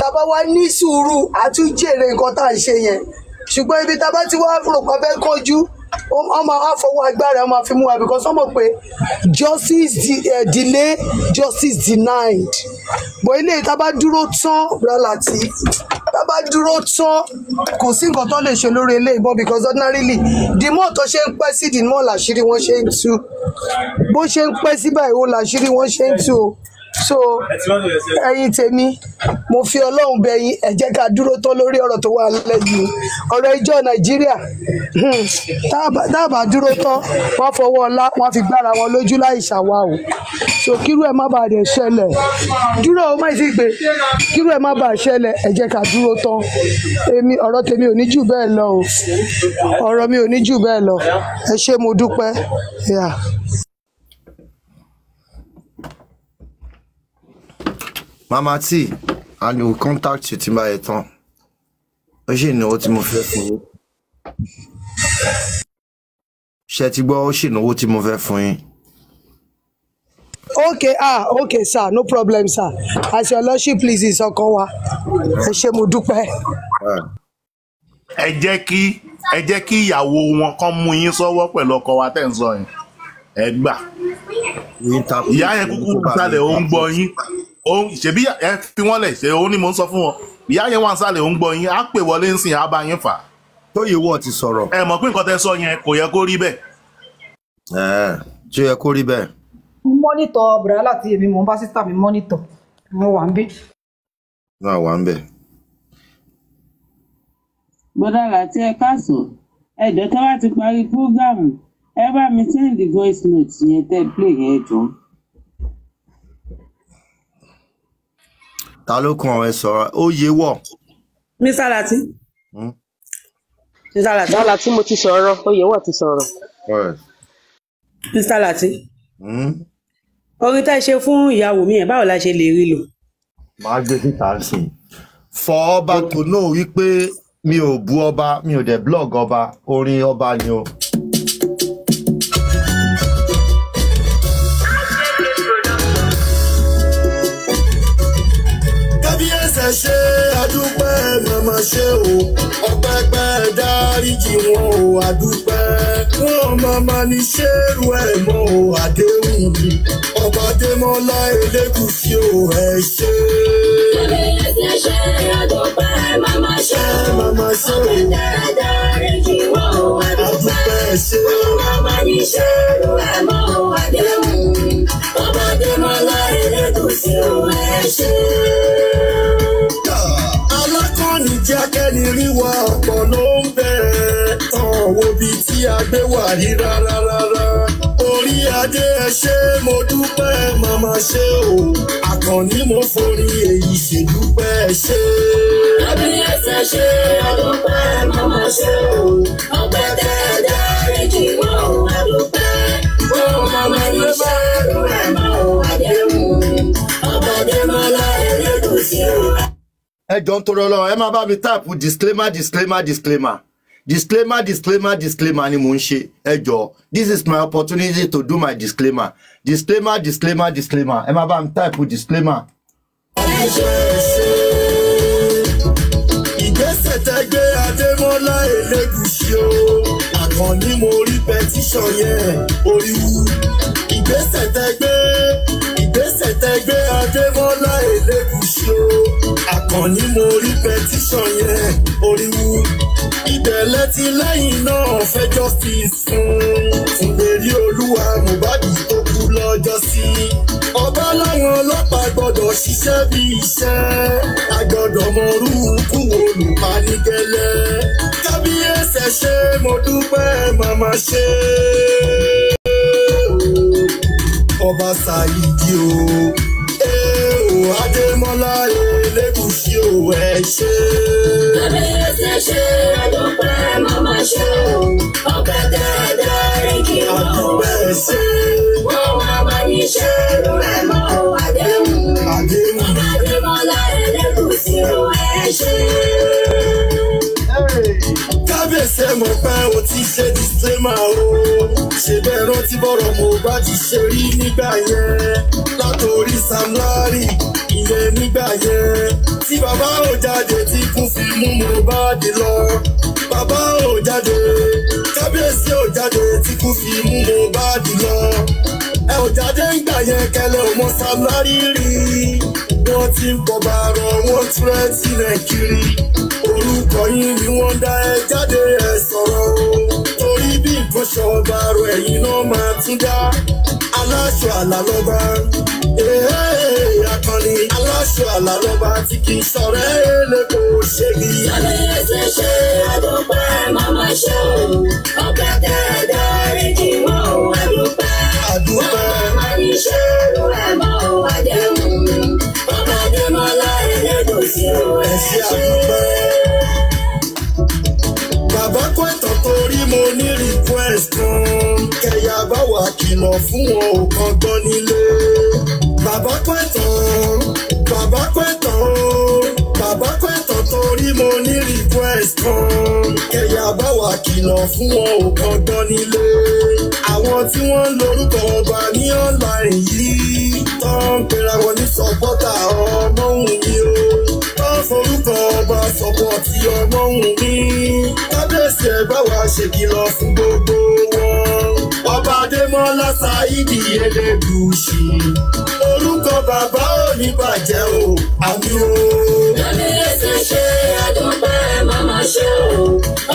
tá wá ní sùúrù àtúnjèrè nǹkan tá à ń ṣe yẹn ṣùgbọ́n ibi tá a wá rò pé kọjú wọ́n máa fọwọ́ agbára wọ́n máa fi mú wa because wọ́n mọ̀ justice eh, delay justice denied bọ̀ ilé ìta bá dúró tán rálàtì tá bá dúró tán kò sí nǹkan tó lè ṣe lórí ilé ìbọn because ordinarily the more tó ṣe ń pẹ́ sí the more làṣírí wọ́n ṣe ń tú bó ṣe ń pẹ́ sí báyìí ó làṣírí wọ́n ṣe ń tú o so ẹ̀yin tèmi mo fi ọlọ́run bẹ̀yìn ẹ jẹ́ ká dúró tán lórí ọ̀rọ̀ tó wà lẹ́yìn ọ̀rọ̀ ìjọ nàìjíríà dábàá hmm, dúró tán wọ́n fọwọ́ ọlá wọ́n fi gbára wọn lójú láì ṣàwà o so kírú ẹ má bàa rẹ̀ ṣẹlẹ̀ dúró o má sì pé kírú ẹ má bàa ṣẹlẹ̀ ẹ jẹ́ ká dúró tán èmi ọ̀rọ̀ tèmi ò ní jù bẹ́ẹ̀ lọ o ọ̀rọ̀ mi ò ní jù bẹ́ẹ̀ lọ ẹ ṣé mo dúpẹ́. Yeah. Mama T, I will contact you tí n bá yẹ tán. Ó move náwó tí mo fẹ́ fún yín. Ṣé ti you ó ṣì náwó tí mo Okay, ah, okay, sir, no problem, sir. As your lordship pleases, ọkọ wa. Ẹ ṣé mo dúpẹ́. Ẹ jẹ́ kí ẹ jẹ́ kí ìyàwó wọn kàn mú yín sọ́wọ́ pẹ̀lú ọkọ wa tẹ̀ ń sọ yẹn. Ẹ gbà. Ìyá yẹn kúkú òun ìṣèbí ẹ fi wọn le ṣe òun ni mò ń sọ fún wọn ìyá yẹn wà ń òun gbọ́ yín á pè wọlé ń sìn yín fà. tóyè ti sọ̀rọ̀. ẹ mọ̀ pé nǹkan tẹ́ sọ yẹn kò yẹ kó rí bẹ́ẹ̀. ẹ yẹ kó mo mọ́nítọ̀ bùrọ̀dá láti èmi mò mi mọ́nítọ̀ mo wà ń bí. náà wà ń bẹ̀. bọ́dà ẹ ti parí ẹ mi ta ló kan ọ̀rẹ́ sọ̀rọ̀ ó yé wọ̀. Mr. Lati. Hmm? Mr. Lati. Mr. Lati mo ti sọ̀rọ̀ ó yé wọ̀ ti sọ̀rọ̀. Mr. Lati. Hmm? Orin tá ẹ ṣe fún ìyàwó mi yẹn báwo la ṣe lè rí lò. Màá gbé síta sí i. Fọ ọba tó náà wípé mi ò bu ọba mi ò dẹ̀ blog ọba orin ọba ni o. ṣe adúpẹ́ màmá ṣe o ọpẹ́pẹ́ dáríjì wọn ò àdúpẹ́ wọn màmá ní ṣéèrú ẹ̀ mọ́ ò àdéhùn mi ọba Adémọ́lá Elégùṣì ò ẹ̀ ṣe. Bẹ́ẹ̀ ni ṣe àdúpẹ́ màmá ṣe màmá ṣe ò ọ̀gá dáríjì wọn ò àdúpẹ́ wọn màmá ní ṣéèrú ẹ̀ mọ́ ò àdéhùn mi ọba Adémọ́lá Elégùṣì ò ẹ̀ ṣe ní jákẹ́ni ríwọ ọ̀pọ̀ ló ń bẹ̀rẹ̀ tàn wo bí tí a gbé wà rí rárá rárá. orí adé ẹ ṣé mo dúpẹ́ màmá ṣé o àkànní mo forí èyí ṣe dúpẹ́ ṣé. àbí ẹsẹ̀ ṣe àdúpẹ́ màmá ṣé o ọpẹ́ tẹ́ ẹ dárí jù mọ́ àdúpẹ́ ó màmá yìí ṣe é rú ẹ̀ mọ́ òun àdéhùn ọ̀bàdé mọ́lá sí òun ẹ jọ ń tọrọ lọ ẹ máa bá mi táàpù disclaimer disclaimer disclaimer disclaimer disclaimer disclaimer ni mo ń ṣe ẹ jọ this is my opportunity to do my disclaimer disclaimer disclaimer disclaimer ẹ máa bá mi táàpù disclaimer. ìgbésẹ̀ tẹ́ gbé adémọ́lá elégùsì o àkànní mo rí pẹtíṣàn yẹn oríwu ìgbésẹ̀ tẹ́ gbé ìgbésẹ̀ tẹ́ gbé adémọ́lá elégùsì àkànní mo rí pẹtíṣàn yẹn oríwu ìbẹ̀lẹ̀ ti lẹ́yìn náà fẹ́ justice fún fúnbẹ̀rí olúwa Mohbad tó kú lọ́jọ́ sí ọba láwọn ọlọ́pàá gbọ́dọ̀ ṣiṣẹ́ bí iṣẹ́ a gbọ́dọ̀ mọrú kú wo lù pa ní gẹ́lẹ́ kábíyèsí ṣe mo dúpẹ́ màmá ṣe ọba ṣàyíjí o. Adémọ́lá Elégùṣì ò ẹ ṣe. Abẹ́yẹsẹ̀ ṣe àdúpẹ́ màmá ṣe o, ọ̀kadà dárí kí ọ̀dùnmẹ́ ṣe. Wọ́n wá bá ṣe rẹ̀ mọ́ àdéhùn. Adémọ́lá Elégùṣì ò ẹ ṣe lè ṣe mọ̀ pé o ti ṣe disclaimer o ṣe bẹ́ẹ̀ rántí bọ̀rọ̀ mo bá ti ṣe rí nígbà yẹn látòrí Sam Larry ìyẹn nígbà yẹn tí bàbá ò jáde tí kún fi mú Mohbad lọ bàbá ò jáde kábíyèsí ò jáde tí kún fi mú Mohbad lọ ẹ ò jáde ńgbà yẹn kẹlẹ ò mọ Sam Larry rí wọ́n ti ń bọ̀ bàrọ̀ wọ́n tún rẹ́ sílẹ̀ kiri orúkọ yín ni wọ́n dá ẹja. ṣúgà aláṣọ àlàlọ́ba akọni aláṣọ àlàlọ́ba tí kì í sọ̀rẹ́ lẹ́kọ̀ọ́ ṣẹ́gi. Ọlọ́yẹ ti ṣe àdúpẹ́ màmá ṣe o, ọ̀gá tẹ̀ dárí kí wọ́n ò àdúpẹ́. Àdúpẹ́. Màmá ní ṣé irú ẹ̀ mọ́ ò àdéhùn. Bàbá Adémọ́lá ẹlẹ́gùn sí o ẹ̀ ṣe. question. kẹ̀yà bá wà kìlọ̀ fún wọn ò kàn gbọ́n nílé. bàbá pẹ́ tán bàbá pẹ́ tán bàbá pẹ́ tán torí mo ní request kan kẹyà bá wà kìlọ̀ fún wọn ò gbọ́dọ̀ nílé àwọn tí wọ́n ń lorúkọ ọba ní online yìí tó ń pera wọn ní sọpọ́tà ọmọ òun mi o tó ń forúkọ ọba sọpọ́tì ọmọ òun mi kábíyèsí ẹ̀ bá wà ṣèkìlọ̀ fún gbogbo wọn ọba adémọlá ṣáídì ẹlẹ́dùn ṣì bàbá ò ní bàjẹ́ o àmì o. lórí ẹsẹ̀ ṣe àdúpẹ́ màmá ṣe o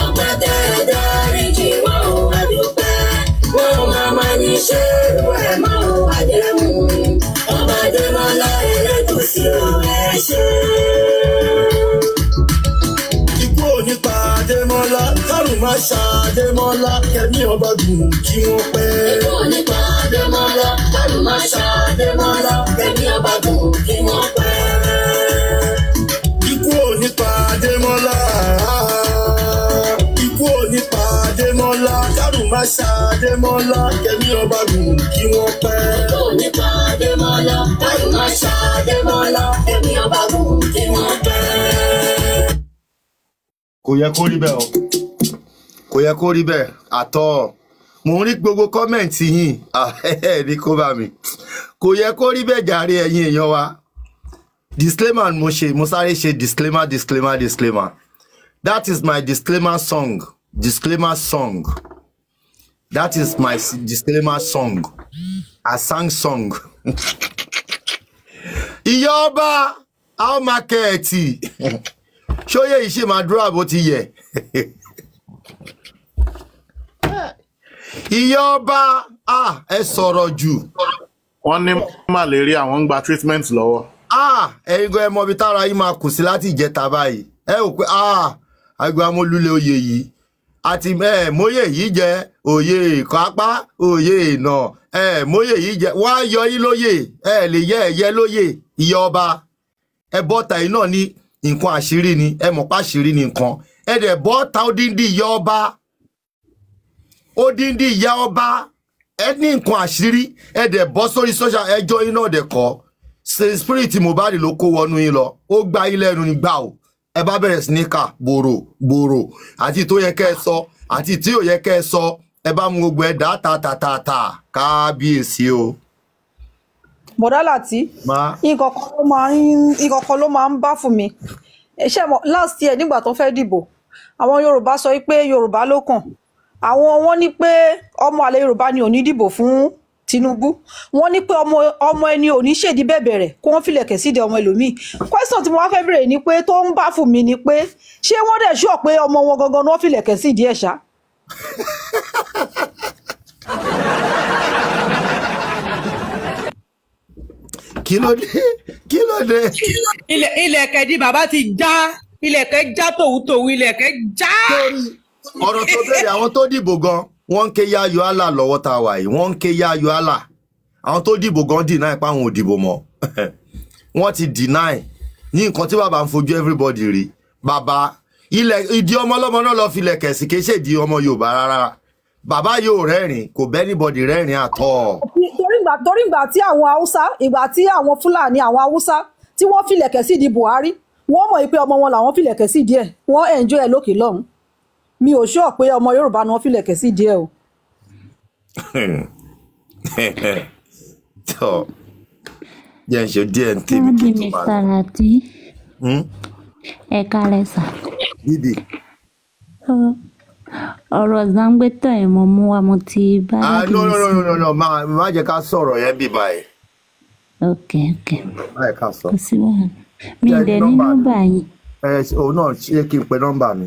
ọpẹ́ tẹ ẹ dárí jì wọ́n o àdúpẹ́ wọ́n màmá ní ṣe ẹ mọ́ o àdéhùn ọba dẹ́mọ́lá ẹlẹ́gùn sí o ṣe. má ṣàdé mọ́lá kẹ́mi ọba dùn kí wọ́n pẹ́. ikú nípa dé kẹ́mi má ṣàdé kẹ́mi ọba dùn kí wọ́n pẹ́. ikú nípa dé má ṣàdé mọ́lá kẹ́mi ọba dùn kí wọ́n pẹ́. ikú nípa dé mọ́lá kẹ́mi má ṣàdé mọ́lá kẹ́mi ọba dùn kí wọ́n pẹ́. kò yẹ kó rí bẹ́ẹ̀ o kò yẹ kó rí bẹ́ẹ̀ àtọ́ mò ń rí gbogbo kọ́mẹ̀ǹtì yìí ah, ní kó bá mi kò yẹ kó rí bẹ́ẹ̀ jàre ẹ̀yin èèyàn wa disclaimer mo ṣe mo sáré ṣe disclaimer disclaimer disclaimer that is my disclaimer song disclaimer song that is my disclaimer song i sang song ìyá ọba how market ṣóyè ìṣe màdúrà bó ti yẹ ìyá ọba ẹ sọ̀rọ̀ jù. wọ́n ní màlẹ́ríà wọ́n ń gba treatment lọ́wọ́. ẹ̀yin gan ẹ mọ ibi tára yín máa kù sí láti ìjẹta báyìí ẹ ò pé agbamolule oyè yìí àti ẹ mọyè yìí jẹ òye ìkápá òye ìnà ẹ mọyè yìí jẹ wá yọ yín lóyè ẹ lè yẹ ẹyẹ lóyè ìyá ọba ẹ bọ́ta yìí náà ní nǹkan àṣírí ni ẹ mọ̀ pàṣírí ni nǹkan ẹ dẹ̀ bọ́ta ó dín dín ìyá ọba odindi ìyá ọba ẹ ní nǹkan àṣírí ẹ dẹ̀ bọ́ sórí sọ́ṣà ẹjọ́ iná ọ̀dẹ̀ kọ́ saint spirit Mohbad ló kó wọnú yín lọ ó gba ilé ẹnu ní gbà ó ẹ bá bẹ̀rẹ̀ sí ní kà gbòòrò gbòòrò àti tó yẹ kẹ́ ẹ sọ àti tí ò yẹ kẹ́ ẹ sọ ẹ bá mú gbogbo ẹ dá tàtàtàtà kábíyèsí o. bọ̀dá ìkọ̀kan ló máa ń bá fún mi ṣé last year nígbà tó fẹ́ dìbò àwọn Yorùbá sọ pé Yorùbá ló kàn àwọn wọn ní pé ọmọ àlè yorùbá ni ò ní dìbò fún tinubu wọn ní pé ọmọ ọmọ ẹni ò ní ṣèdí bẹ̀bẹ̀ rẹ̀ kó wọ́n filẹ̀ kẹ̀sídẹ̀ ọmọ ẹlòmíì question tí mo wá fẹ́ bèrè ni pé tó ń bá fún mi ni pé ṣé wọ́n dẹ̀ ṣọ́ pé ọmọ wọn gangan ni wọ́n filẹ̀ kẹ̀sídẹ̀ ẹ̀ ṣá. kí ló dé kí ló dé. ilẹ̀ ilẹ̀ kẹ́ni bàbá ti já ilẹ̀ kẹ́ já tòwútòwú ilẹ̀ kẹ́ já ọ̀rọ̀ tó bẹ̀rẹ̀ àwọn tó dìbò gan wọ́n ń ké yáyọ àlà lọ́wọ́ tá a wà yìí wọ́n ń ké yáyọ àlà àwọn tó dìbò gan dìnà ipá àwọn ò dìbò mọ́ wọ́n ti dìnà ní nǹkan tí bàbá ń fojú everybody rí bàbá ilẹ̀ ìdí ọmọ ọlọ́mọ náà lọ́ọ́ filẹ̀ kẹ̀sì kì í ṣèdí ọmọ Yorùbá rárá bàbá yóò rẹ́rìn kò bẹ́nìbọ̀dì rẹ́rìn àtọ̀. torí ìgbà tí àwọn haúsá ìgbà tí àwọn fúlàní àwọn haúsá tí wọ́n filẹ̀kẹ̀ sí di Buhari wọ́n mọ̀ pé ọmọ wọn làwọn filẹ̀kẹ̀ sí díẹ̀ wọ́n enjoy ẹ̀ lókè lọ́hùn-ún mi ò sọ pé ọmọ yorùbá ni wọ́n fi lẹ̀kẹ̀ sí díẹ̀ o. tọ́ jẹ́ ń ṣe díẹ̀ ń tèmi kí n tó bá a. Hmm? ẹ kálẹ̀ sà. dídì. ọ̀rọ̀ Zàǹgbẹ̀tàn ẹ̀ mọ̀ mú wa mo ti bá a. Ah, no no no no no má má jẹ́ ká sọ̀rọ̀ yẹn bí báyìí. ok ok kò sí wàhálà mi ì dẹ̀ ní nọ́mbà yìí. òun náà ṣé kí n pe nọ́mbà mi.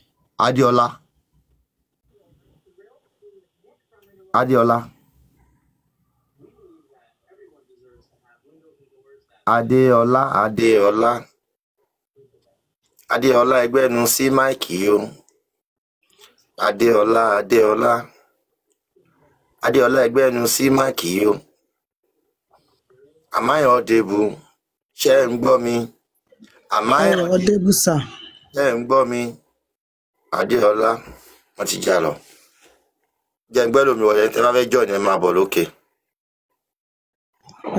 adịọla adịọla adéọlá adéọlá adéọlá ẹgbẹnu sí máìkì o adéọlá adéọlá adéọlá ẹgbẹnu sí máìkì o am I audible ń mi ń mi. adéọlá wọn ti já lọ jẹǹgbẹ lómi wọlé tẹ bá fẹ́ jọ ni ẹ máa bọ̀ lókè.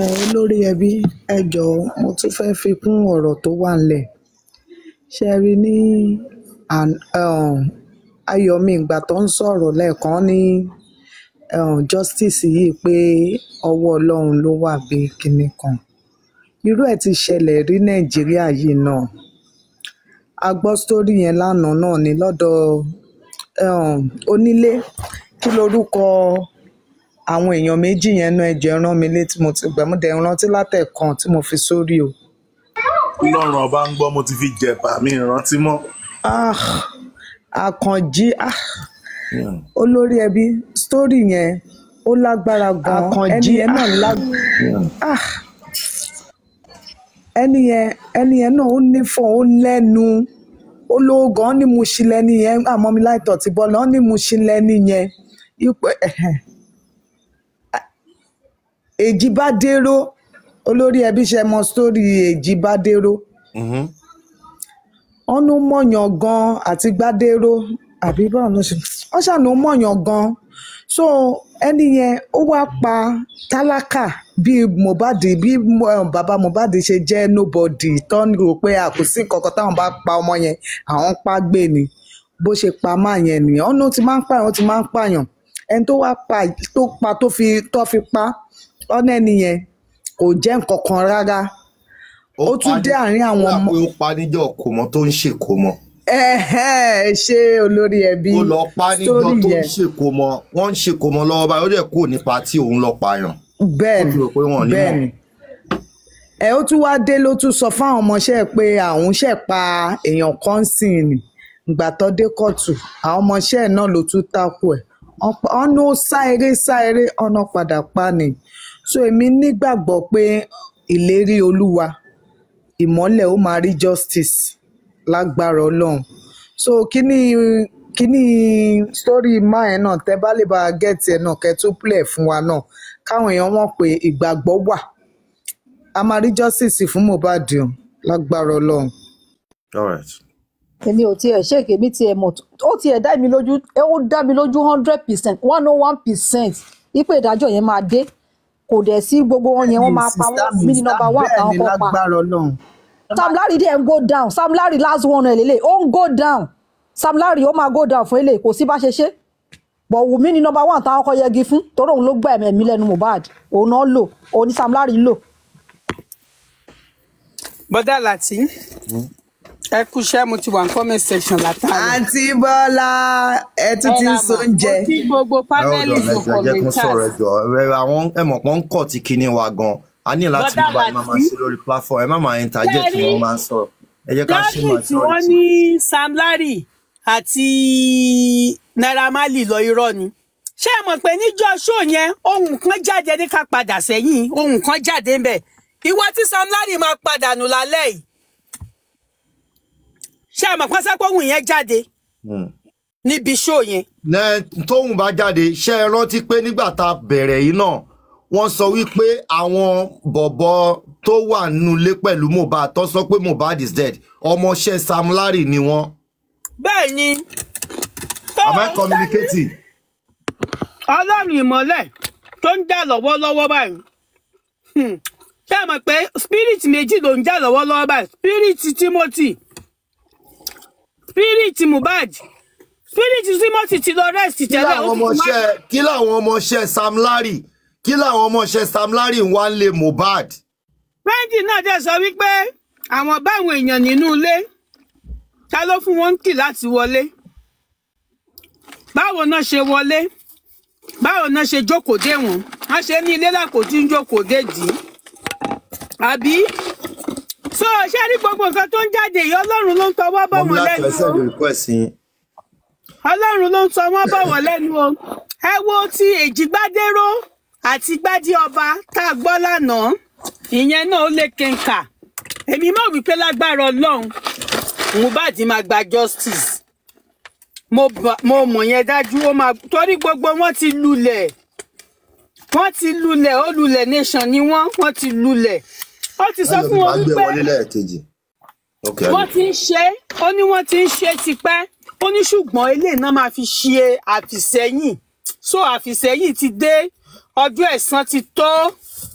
ẹ lórí ẹbí ẹ jọ̀ọ́ mo tún fẹ́ fi kún ọ̀rọ̀ tó wà ńlẹ̀ ṣe rí ní um, ayọ̀mí ìgbà tó ń sọ̀rọ̀ lẹ́ẹ̀kan ní um, justice yìí pé ọwọ́ ọlọ́run ló wà bí kinní kan irú ẹ̀ ti ṣẹlẹ̀ rí nàìjíríà yìí náà a gbọ́ sítórì yẹn lánàá náà ni lọ́dọ̀ um onílé kí lorúkọ àwọn èèyàn méjì yẹn náà ẹ̀jẹ̀ rán mi létí mo ti gbà mo dẹ̀ rántí látẹ̀kan tí mo fi sórí o. lọ́rùn ọba ń gbọ́ mo ti fi jẹ̀bà mi rántí mọ́. Ah, àkànjí ah, hmm. olórí ẹbí sítórì yẹn ó lágbára gan-an ẹni yẹn náà ah. lágbára. Hmm ẹni yẹn ẹni yẹn náà ó nífọ̀ ó lẹ́nu ó lówó gan-an ní mo ṣí lẹ́ni yẹn àmọ́ mi láìtọ̀ ti bọ́ lọ́ọ́ ní mo ṣí lẹ́ni yẹn ipò èjì bá dérò olórí ẹbí ṣe mọ sórí èjì bá dérò mm-hmm. ọ̀nà mọ̀yàn gan àti gbádérò àbí báwọn ṣe wọ́n ṣàánú mọ̀yàn gan so ẹni yẹn ó wá pa tálákà bí Mohbad bí um, bàbá Mohbad ṣe jẹ́ nobody tán rò pé àkùsí kankan táwọn bá pa ọmọ yẹn àwọn pa gbé ni bó ṣe pa máa yẹn nìyẹn ọ̀nà tí máa ń pààyàn ó ti máa ń pààyàn ẹni tó wá pa tó pa tó fi tó fi pa ọ̀nà ẹni yẹn kò jẹ́ nǹkan kan rárá ó tún dé àárín àwọn ọmọ. ó pa níjọ́ kò mọ tó ń ṣèkómọ ẹ ṣe olórí ẹbí ó lọ pa nígbà tó ń ṣèkó mọ wọn ń ṣèkó mọ lọ́wọ́ báyìí ó jẹ kó nípa tí òun lọ pààyàn bẹ́ẹ̀ni bẹ́ẹ̀ni ẹ ó tún wáá dé ló tún sọ fáwọn ọmọọṣẹ́ pé àwọn ṣe pa èèyàn kan sí ni ìgbà tó dé kóòtù àwọn ọmọọṣẹ́ náà ló tún takò ẹ ọnà ó sá eré padà pa ni so èmi nígbàgbọ́ pé ìlérí olúwa ìmọ́lẹ̀ ó máa rí justice lágbára ọlọ́run so kíní kíní sórí máyẹn náà tẹ bá lè bá gẹ́ẹ̀tì ẹ̀ náà kẹ́ tó plẹ̀ fún wa náà káwọn èèyàn wọ́n pé ìgbàgbọ́ wà a máa rí justice fún Mohbad o lágbára ọlọ́run. all right èmi ò tiẹ̀ ṣe èmi tiẹ̀ mọ̀ ó tiẹ̀ dá mi lójú ó dá mi lójú hundred percent one oh one percent ipò ìdájọ́ yẹn máa dé kò dẹ̀ sí gbogbo wọn yẹn wọ́n máa pa wọ́n mí ní nọ́mbà one àtàwọn kan pa Sam Larry dẹ̀ go down Sam Larry last one ẹ̀ lélẹ̀ ó go down Sam Larry ó máa go down fún eléyìí kò sí bá ṣe ṣe bọ̀ Wùmí ni number one táwọn kọ́ yẹgi fún torí òun ló gba ẹ̀mẹ̀mí lẹ́nu Mohbad òun náà lò òun ni Sam Larry lò. bọ́dà láti ẹ kú iṣẹ́ mo ti wà ní comment section látàrí. àǹtí Bọ́lá ẹ tún ti ń so oúnjẹ. mo ti gbogbo panelist kọ̀mẹ́ntà. ẹ mọ̀ pọ́n ń kọ̀ tí kinní wa gan-an a ní láti gba ẹ má máa ṣe lórí platform ẹ interject tí wọ́n máa ń sọ̀rọ̀ ẹ jẹ́ Sam Larry àti Naira Marley lọ irọ́ ni ṣé ẹ mọ̀ pé níjọ́ ṣó yẹn ohun kan jáde ní ká padà sẹ́yìn ohun kan jáde Sam Larry máa padà nù lálẹ́ yìí ṣé ẹ mọ̀ pé sápóhùn yẹn jáde hmm. níbi ṣó yẹn. tóhùn bá jáde ṣé ẹ rántí pé nígbà tá a bẹ̀rẹ̀ yìí wọ́n sọ wípé àwọn bọ̀bọ̀ tó wà nulẹ̀ pẹ̀lú Mohbad tó sọ pé Mohbad is dead ọmọọṣẹ́ Sam Larry ni wọ́n. bẹ́ẹ̀ ni. am I communicating. ọlọ́run ìmọ̀lẹ̀ tó ń jà lọ́wọ́lọ́wọ́ báyìí hmm. ṣé ẹ mọ̀ pé spirit méjì ló ń jà lọ́wọ́lọ́wọ́ báyìí spirit Timothy spirit Mohbad spirit Timothy ti lọ rest tẹ́lẹ̀ ó ti máa. kí làwọn ọmọọṣẹ́ Sam Larry kí làwọn ọmọọṣẹ́ Sam Larry ń wá ń lé Mohbad. Benji náà jẹ́ sọ wípé àwọn báwọn èèyàn nínú ilé ta ló fún wọn ń kì láti wọlé báwo náà ṣe wọlé báwo náà ṣe jókòó dé wọn wọn ṣe ní ilé làkò tí ń jókòó dé dì í àbí so ṣé rí gbogbo nǹkan tó ń jáde yìí Ọlọ́run ló ń tọwọ́ bọ̀ wọ́n lẹ́nu o eh? Ọlọ́run ló ń tọwọ́ bọ̀ wọ́n lẹ́nu o ẹ wo ti Èjìgbádéró àti gbádìí ọba tá a gbọ́ lánàá ìyẹn náà ó lè kẹńkà èmi mọ̀ wípé lágbára ọlọ́run Mohbad máa gba justice mo mọ̀ yẹn dájú ó máa torí gbogbo wọn ti lulẹ̀ wọ́n ti lulẹ̀ ó lulẹ̀ nation ni wọ́n wọ́n ti lulẹ̀ ó ti sọ fún wọn wípé wọ́n ti ń ṣe ó ní wọ́n ti ń ṣe tipẹ́ ó ní ṣùgbọ́n eléyìí náà máa fi ṣe àfìsẹ́yìn so àfìsẹ́yìn ti dé ọjọ́ ẹ̀san ti tó.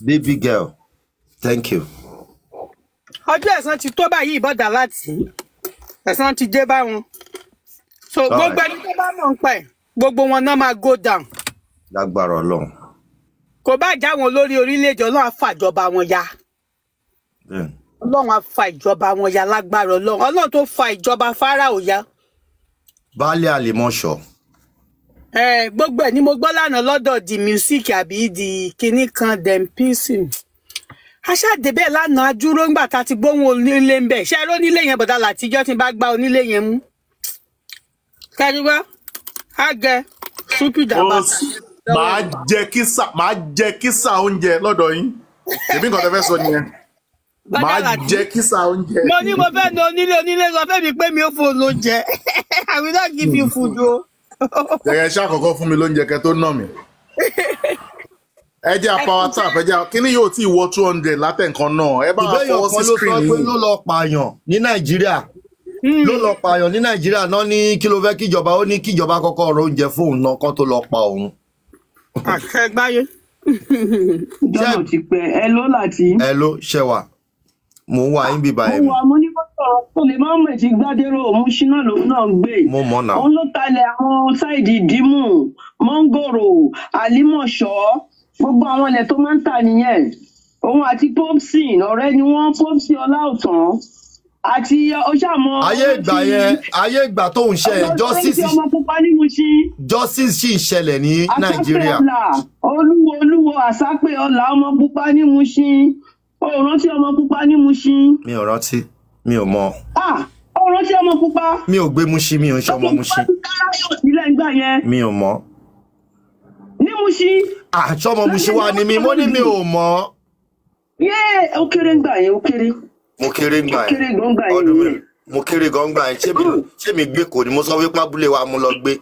baby girl thank you. ọjọ́ ẹ̀san ti tó báyìí bọ́dà láti ẹ̀san ti dé bá wọn. so gbogbo ẹni tó bá mọ̀ ń pa ẹ̀ gbogbo wọn náà máa go down. lágbára ọlọ́run. kò bá já wọn lórí orílẹ̀-èdè ọlọ́run á fàjọba wọn ya. ọlọ́run á fa ìjọba wọn ya lágbára ọlọ́run ọlọ́run tó fa ìjọba fáráò ya. baálé àlè mọ́ṣọ́. gbogbo ẹ ni mo gbọ lánàá lọ́dọ̀ di music àbí di kinní kan dem pisin aṣáàdébẹ̀ lánàá adúró ńgbà tá a ti gbóhùn onílé ń bẹ̀ ṣe eré onílé yẹn bọ̀dá látijọ́ tí n bá gba onílé yẹn mú kẹ́dùgbọ́ àgẹ súpìdàbà. màá jẹ kísà màá jẹ kísà oúnjẹ lọdọ yín èmi nǹkan tó fẹ́ sọ nìyẹn màá jẹ kísà oúnjẹ. mo ní mo fẹ́ na onílé onílé sọ fẹ́ mi pé mi ò fò ló jẹ I will not give you food o. jẹ̀yẹ̀ ṣe àkọ́kọ́ fún mi lóúnjẹ kẹ tó nà mí. ẹ jẹ́ power tap ẹ jẹ́ kíní yóò tí ì wọ two hundred látẹ̀kan náà ẹ bá wà fọwọ́ sí screen yìí. ló lọ pààyàn ní nàìjíríà hmm. ló lọ pààyàn ní nàìjíríà náà ní kí ló fẹ́ kíjọba ó ní kíjọba kọ́kọ́ ọ̀rọ̀ oúnjẹ fóun náà kán tó lọ pa òun. àṣẹ gbáyé. jọ́nà ti pẹ́ ẹ ló láti. ẹ ló ṣẹwà mò ń wà yín bíbá ẹ̀ mo wà mo ní o lè má mọ̀ tí gbádẹ́rò òmùsínà lòun náà ń gbé òun ló talẹ̀ àwọn sáìdì dímù mọ́ngòrò àlímọ̀ṣọ́ gbogbo àwọn ilẹ̀ tó máa ń tà nìyẹn òun àti popsin ọ̀rẹ́ ni wọ́n popsin ọláòtán àti ọṣàmọ. ayé ìgbà yẹn ayé ìgbà tó ń ṣe justice justice sì ń ní nàìjíríà. olúwo olúwo àsápè ọlá ọmọ pupa ní Mushin o rántí ọmọ pupa ní Mushin. mi ò rántí mi ò mọ. ọ̀rọ̀ ṣe ọmọ pupa. mi ò gbé Mushin mi ò ń ṣe ọmọ Mushin. mi ò mọ. ní Mushin. àṣọmọ ah, Mushin wa ni mi mo ní mi ò mọ. yé ó kéré ń gbà yẹn ó kéré. mo kéré ń gbà yẹn ọdún mi mo kéré gan gbà yẹn hmm. ṣé mi gbé kò ní mo sọ wípé abúlé wa mo lọ gbé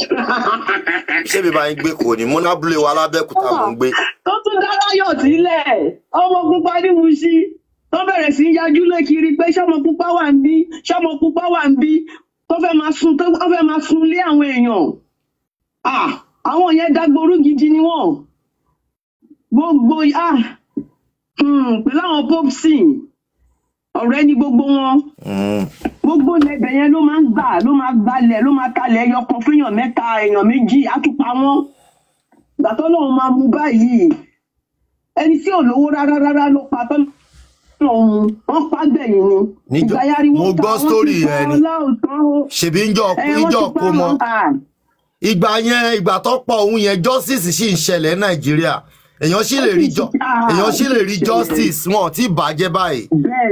ṣé mi bá ń gbé kò ní múnábúlé wa lábẹ́kúta mò ń gbé. tó tún dá láyọ̀ sílẹ̀ ọmọ pupa ní Mushin tó bẹ̀rẹ̀ sí í yajú lé kiri pé ṣọmọ pupa wà ń bí ṣọmọ pupa wà ń bí tó fẹ́ máa sun tó fẹ́ máa sun lé àwọn èèyàn àwọn yẹn dágboru gidi ni wọ́n gbogbo hmm, pẹ̀lú àwọn popsi ọ̀rẹ́ ni gbogbo wọn hmm. gbogbo lẹbẹ̀ yẹn ló máa ń gbà ló máa gbalẹ̀ ló máa kalẹ̀ ẹyọkan fún èèyàn mẹ́ta èèyàn méjì àtúpa wọn gbàtọ́ lòun máa mú báyìí ẹni tí ò lówó rárá rárá ló pa tọ́lá òun wọn pàgbẹ̀yìn ni. níjọ mo gbọ́ sítórì yẹn ni ṣèbí ń jọ ń jọ kó mọ ìgbà yẹn ìgbà tó pọ̀ òun yẹn justice sì ń ṣẹlẹ̀ nàìjíríà èèyàn sì lè rí èèyàn sì lè rí justice wọn ti bàjẹ́ báyìí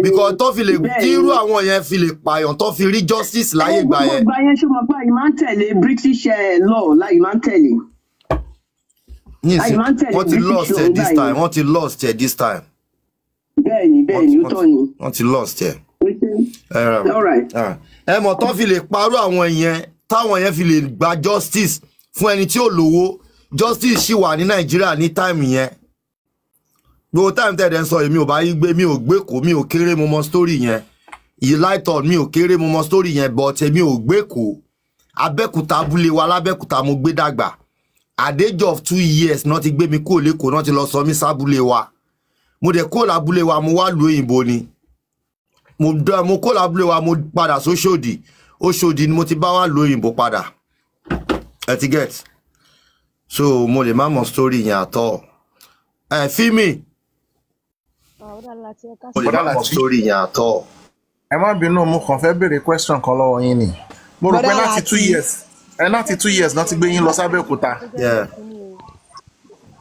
because tó fi lè kí irú àwọn yẹn fi lè pààyàn tó fi rí justice láyé ìgbà yẹn. ìgbà yẹn ṣe mọ̀ pé àyè máa ń tẹ̀lé British eh, law láyè máa ń tẹ̀lé. nísìnyí wọ́n ti lost ẹ̀ this time wọ́n ti lost ẹ̀ this time bẹ́ẹ̀ni bẹ́ẹ̀ni ó tọ́ ni. wọ́n ti lost ẹ̀. Ah. ẹ mọ̀ tán fi lè parọ́ àwọn yẹn táwọn yẹn fi lè gba justice fún ẹni tí ò lówó justice ṣì wà ní nàìjíríà ní táìmù yẹn gbogbo táìmù tẹ̀dẹ̀ ń sọ èmi ò bá yí gbé mi ò gbé kó mi ò kéré mo mọ story yẹn ìláìtọ̀ mi ò kéré mo mọ story yẹn but èmi ò gbé kó abẹ́kúta abúlé wa lábẹ́kúta mo gbé dàgbà at of two years náà ti gbé mi kúrò lẹ́kọ̀ọ́ náà ti lọ sọ mí sábúlé wa mo dẹ̀ kó lábúlé wa mo wá lu òyìnbó ni mo kó lábúlé wa mo padà sóṣòdì Òṣòdì ni mo ti bá wá lu òyìnbó padà ẹ ti get so mo lè má mọ story yẹn àtọ ẹ fíìmì mo lè má mọ story yẹn àtọ. ẹ má bínú mo kàn fẹ́ béèrè question kan lọ́wọ́ yín ni mo rò pé láti two years ẹ láti two years náà ti gbé yín lọ sábẹ́òkúta. Yeah.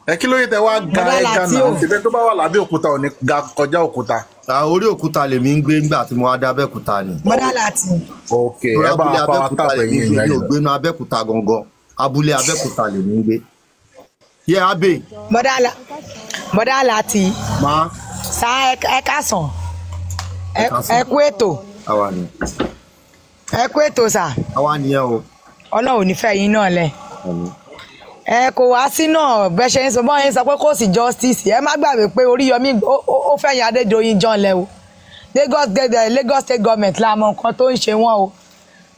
ẹ kí ló yẹ tẹ wá ga ẹ gánà tó bá wà lábẹ́ òkúta ò ga kọjá òkúta. orí òkúta lèmi ń gbé nígbà tí mo wá dé ni. ok ẹ bá a fọwọ́ tàbí yín gangan abúlé abẹ́kúta lèmi ń gbé. yẹ abe. ni. ètò àwa o. ọlọ́run ò ní fẹ́ yín náà ẹ kò wá sí náà bẹ ṣe ń sọ bọ́n yín sọ pé kò sí justice ẹ má gbàgbé pé Oríyọmí ó fẹ̀yìn Adédoyin John lẹ́wọ̀ Lagos eh, Lagos state government la mọ nǹkan tó ń ṣe wọ́n o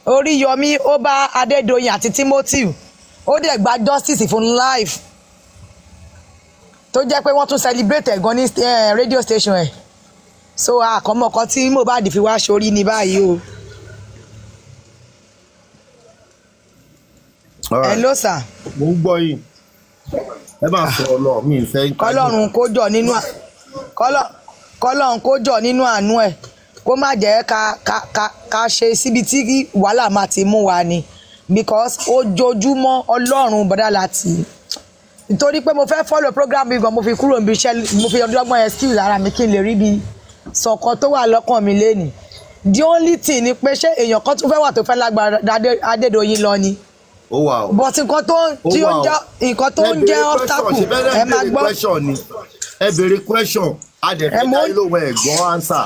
Oríyọmí ó bá Adédoyin àti Timothy ó dẹ̀ gba justice fún life tó jẹ́ pé wọ́n tún celebrate ẹ̀gan ní eh, radio station ẹ̀ so àkọ́mọ́kọ́ tí Mohbad fi wá sórí ní báyìí o. hello sir. mo ń gbọ́ yìí ẹ máa sọ ọlọ́run mi ìfẹ́ ń kájú. kọ́lọ́run kó jọ nínú kọ́lọ́run kó jọ nínú àánú ẹ̀ kó má jẹ́ ká ká ká ká ṣe síbi tí wàhálà máa ti mú wa ni because ojoojúmọ́ ọlọ́run bọ́dá láti nítorí pé mo fẹ́ follow program mi gan mo fi kúrò níbi iṣẹ́ mo fi ọdọ́gbọ́n excuse ara mi kí n lè rí bi sọ̀kan tó wà lọ́kàn mi lénìí the only thing ni pé ṣé èèyàn kan tún fẹ́ wà tó fẹ́ lágbára Adédoyin lọ ni ó wà o. bọ̀t nǹkan tó tí ó jẹ́ nǹkan tó ń jẹ́ obstacle ẹ máa gbọ́. ẹ béèrè question a dẹ̀ fi dáyé lóhùn ẹ̀ gbọ́ answer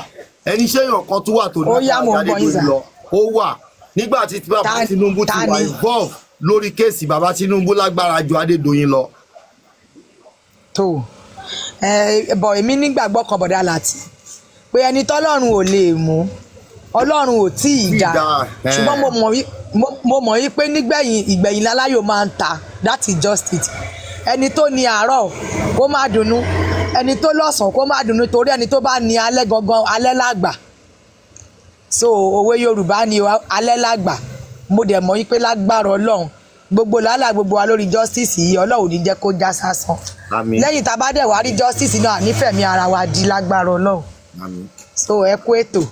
ẹni ṣé èèyàn kan tó wà tó ní àgbàdé tó lọ ó wà nígbà tí bàbá Tinubu ti wà involve lórí kéèsì bàbá Tinubu lágbára ju Adédoyin lọ. tó ẹ bọ̀ èmi nígbàgbọ́ kan bọ̀dá láti pé ẹni tọ́lọ́run ò lè mú ọlọ́run ò tí ì dá eh. ṣùgbọ́n mo mọ̀ yí pé nígbẹ̀yìn ìgbẹ̀yìn láláyò máa ń ta that is just it ẹni tó ní àárọ̀ kó má dunnú ẹni tó lọ́sàn-án kó má dunnú torí ẹni tó bá ní alẹ́ gangan alẹ́ làgbà so òwe yorùbá ni alẹ́ làgbà mo dẹ̀ mọ̀ yí pé lágbára ọlọ́run gbogbo làálàá gbogbo wa lórí justice yìí ọlọ́run ní jẹ́ kó já sásán lẹ́yìn tá a bá dẹ̀ wá rí justice náà nífẹ̀mí ara wa di lágbára ọlọ́run so ẹ kú ètò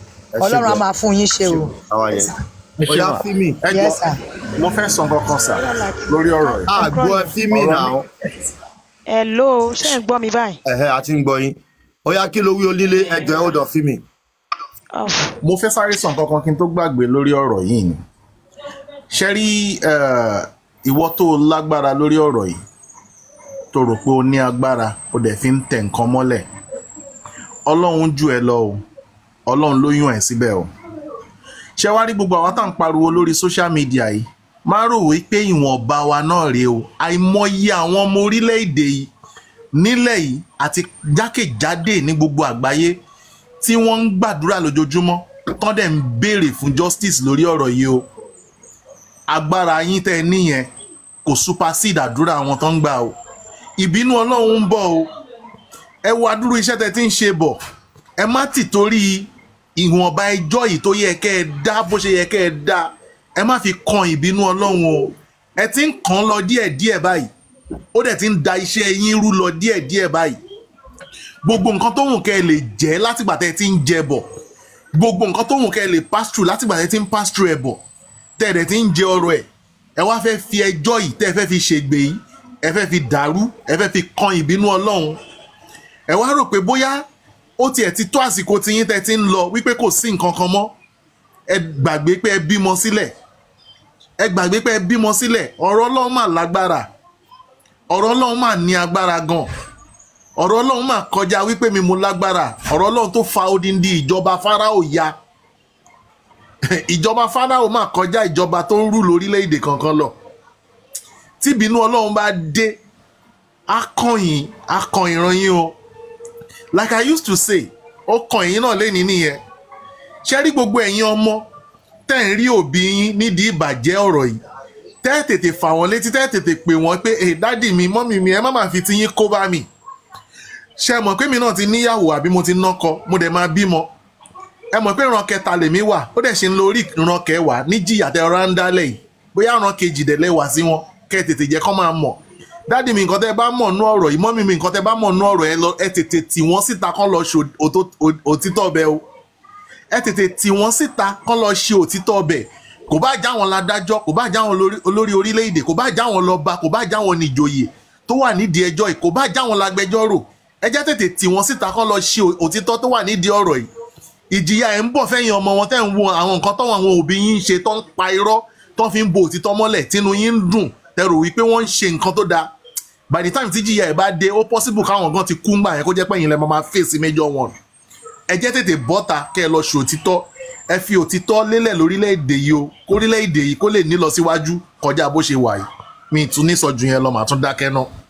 ọlọ́run á máa fún yín ṣe o. ọ̀yá fímì ẹ̀gbọ́n mo fẹ́ sọ kankan sà lórí ọ̀rọ̀ yìí. àgbo fímì náà. hello ṣé ń gbọ́ mi báyìí. ẹ̀hẹ́ àti ń gbọ́ yín ọ̀yá kí ló wí onílé ẹgbẹ́ ọ̀dọ̀ fímì. mo fẹ́ sáré sọ kankan kí n tó gbàgbé lórí ọ̀rọ̀ yìí ni ṣe rí ìwọ tó lágbára lórí ọ̀rọ̀ yìí tó rò pé o ní agbára o dẹ̀ fi ń tẹ̀ nǹkan mọ́lẹ̀ ọlọ́run jù ẹ lọ o ọlọ́run ló yàn ẹ́ síbẹ̀ o ṣé wá rí gbogbo àwọn tá à ń pariwo lórí social media yìí má rò wí pé ìwọ̀nba wa náà rèé o àìmọye àwọn ọmọ orílẹ̀-èdè yìí nílẹ̀ yìí àti jákèjádé ní gbogbo àgbáyé tí wọ́n ń gbàdúrà lójoojúmọ́ tán dẹ̀ ń béèrè fún justice lórí ọ̀rọ̀ yìí o agbára yín tẹ́ ẹ níyẹn kò supersede àdúrà àwọn tó ń gbà o ìbínú ọlọ́run ń bọ̀ o ẹ wo adúrú iṣẹ́ tẹ́ ti ń ṣe bọ̀ ẹ má tì torí ìwọ̀nba ẹjọ́ yìí tó yẹ kẹ́ ẹ dá bó ṣe yẹ kẹ́ ẹ dá ẹ má fi kan ìbínú ọlọ́run o ẹ ti ń kàn lọ díẹ̀díẹ̀ báyìí ó dẹ̀ ti ń da iṣẹ́ yín rú lọ díẹ̀díẹ̀ báyìí gbogbo nǹkan tó wù kẹ́ ẹ lè jẹ́ látìgbà tẹ́ ẹ ti ń jẹ bọ̀ gbogbo nǹkan tó wù kẹ́ ẹ lè pass through látìgbà tẹ́ ẹ ti ń pass through ẹ̀ bọ̀ tẹ́ ẹ dẹ̀ ti ń jẹ ọrọ̀ ẹ̀ ẹ wá fẹ́ fi ẹjọ́ yìí tẹ́ ẹ fẹ́ fi ṣègbè yìí ẹ fẹ́ fi dàrú ẹ fẹ́ fi kan ìbínú ọlọ́run ẹ wá rò pé bóyá ó tiẹ̀ ti tó àsìkò tiyín tẹ́ ti ń lọ wípé kò sí nǹkan kan mọ́ ẹ gbàgbé pé ẹ bímọ sílẹ̀ ẹ gbàgbé pé ẹ bímọ sílẹ̀ ọ̀rọ̀ ọlọ́run mà lágbára ọ̀rọ̀ ọlọ́run mà ní agbára gan ọ̀rọ̀ ọlọ́run mà kọjá wípé mi mo lágbára ọ̀rọ̀ ọlọ́run tó fa odindi ìjọba fáráò ya ìjọba fáráò mà kọjá ìjọba tó ń rú lórílẹ̀‐èdè kankan lọ tíbínú ọlọ́run bá dé akọ̀yìn akọ̀yìn ràn yín o like I used to say ọkàn yín náà lé ní nìyẹn ṣe rí gbogbo ẹ̀yin ọmọ tẹ́ ń rí òbí yín nídìí ìbàjẹ́ ọ̀rọ̀ yìí tẹ́ tètè fà wọ́n létí tẹ́ tètè pè wọ́n pé ẹ dádì mi mọ́mì mi ẹ má máa fi tiyín kó bá mi ṣe mọ̀ pé mi náà ti níyàwó àbí mo ti nọ́kọ mo dẹ̀ máa bímọ ẹ mọ̀ pé ìran kẹta lèmi wà ó dẹ̀ ṣe ń lo orí ìran kẹwàá ní jìyà tẹ ọ̀rá ń dálẹ̀ yìí bóyá ìran kejì dẹ̀ sí wọn kẹ́ tètè jẹ́ kọ́ máa mọ̀ dáàdi mi nǹkan tẹ́ bá mọ̀ nú ọ̀rọ̀ yìí mọ́mí mi nǹkan tẹ́ bá mọ̀ nú ọ̀rọ̀ ẹ lọ ẹ tètè tì wọ́n síta kán lọ ṣe òtítọ́ ọbẹ̀ o ẹ tètè tì wọ́n síta kán lọ ṣe òtítọ́ ọbẹ̀ kò bá já wọn ládájọ́ kò bá já wọn olórí orílẹ̀-èdè kò bá já wọn lọ́ba kò bá já wọn níjòyè tó wà nídìí ẹjọ́ yìí kò bá já wọn lágbẹjọ́rò ẹ jẹ́ tètè tì wọ́n síta kán lọ ṣe òtítọ́ tó wà nídìí ọ̀rọ̀ yìí ìjìyà ẹ̀ ń bọ̀ fẹ́yìn ọmọ wọn tẹ́ ń wo àwọn nǹkan tọ́wọ́ àwọn òbí yín ń ṣe tó ń pa irọ́ tó fi ń bo òtítọ́ mọ́lẹ̀ tínú yín ń dùn tẹrù wípé wọ́n ń ṣe nǹkan tó dáa by the time tí jìyà ẹ̀ bá dé ó possible káwọn gan ti kú ńgbà yẹn kó jẹ́ pé ẹ̀yin lẹ́ máa fèsì major one ẹ jẹ́ tètè bọ́ta kẹ́ ẹ lọ ṣe òtítọ́ ẹ fi òtítọ́ lélẹ̀ lórílẹ̀‐èdè yìí o kórílẹ̀‐èdè yìí kó lè ní lọ síwájú kọjá bó ṣe wà yìí mi ì ní sọ ju yẹn lọ màá tún dákẹ́ náà.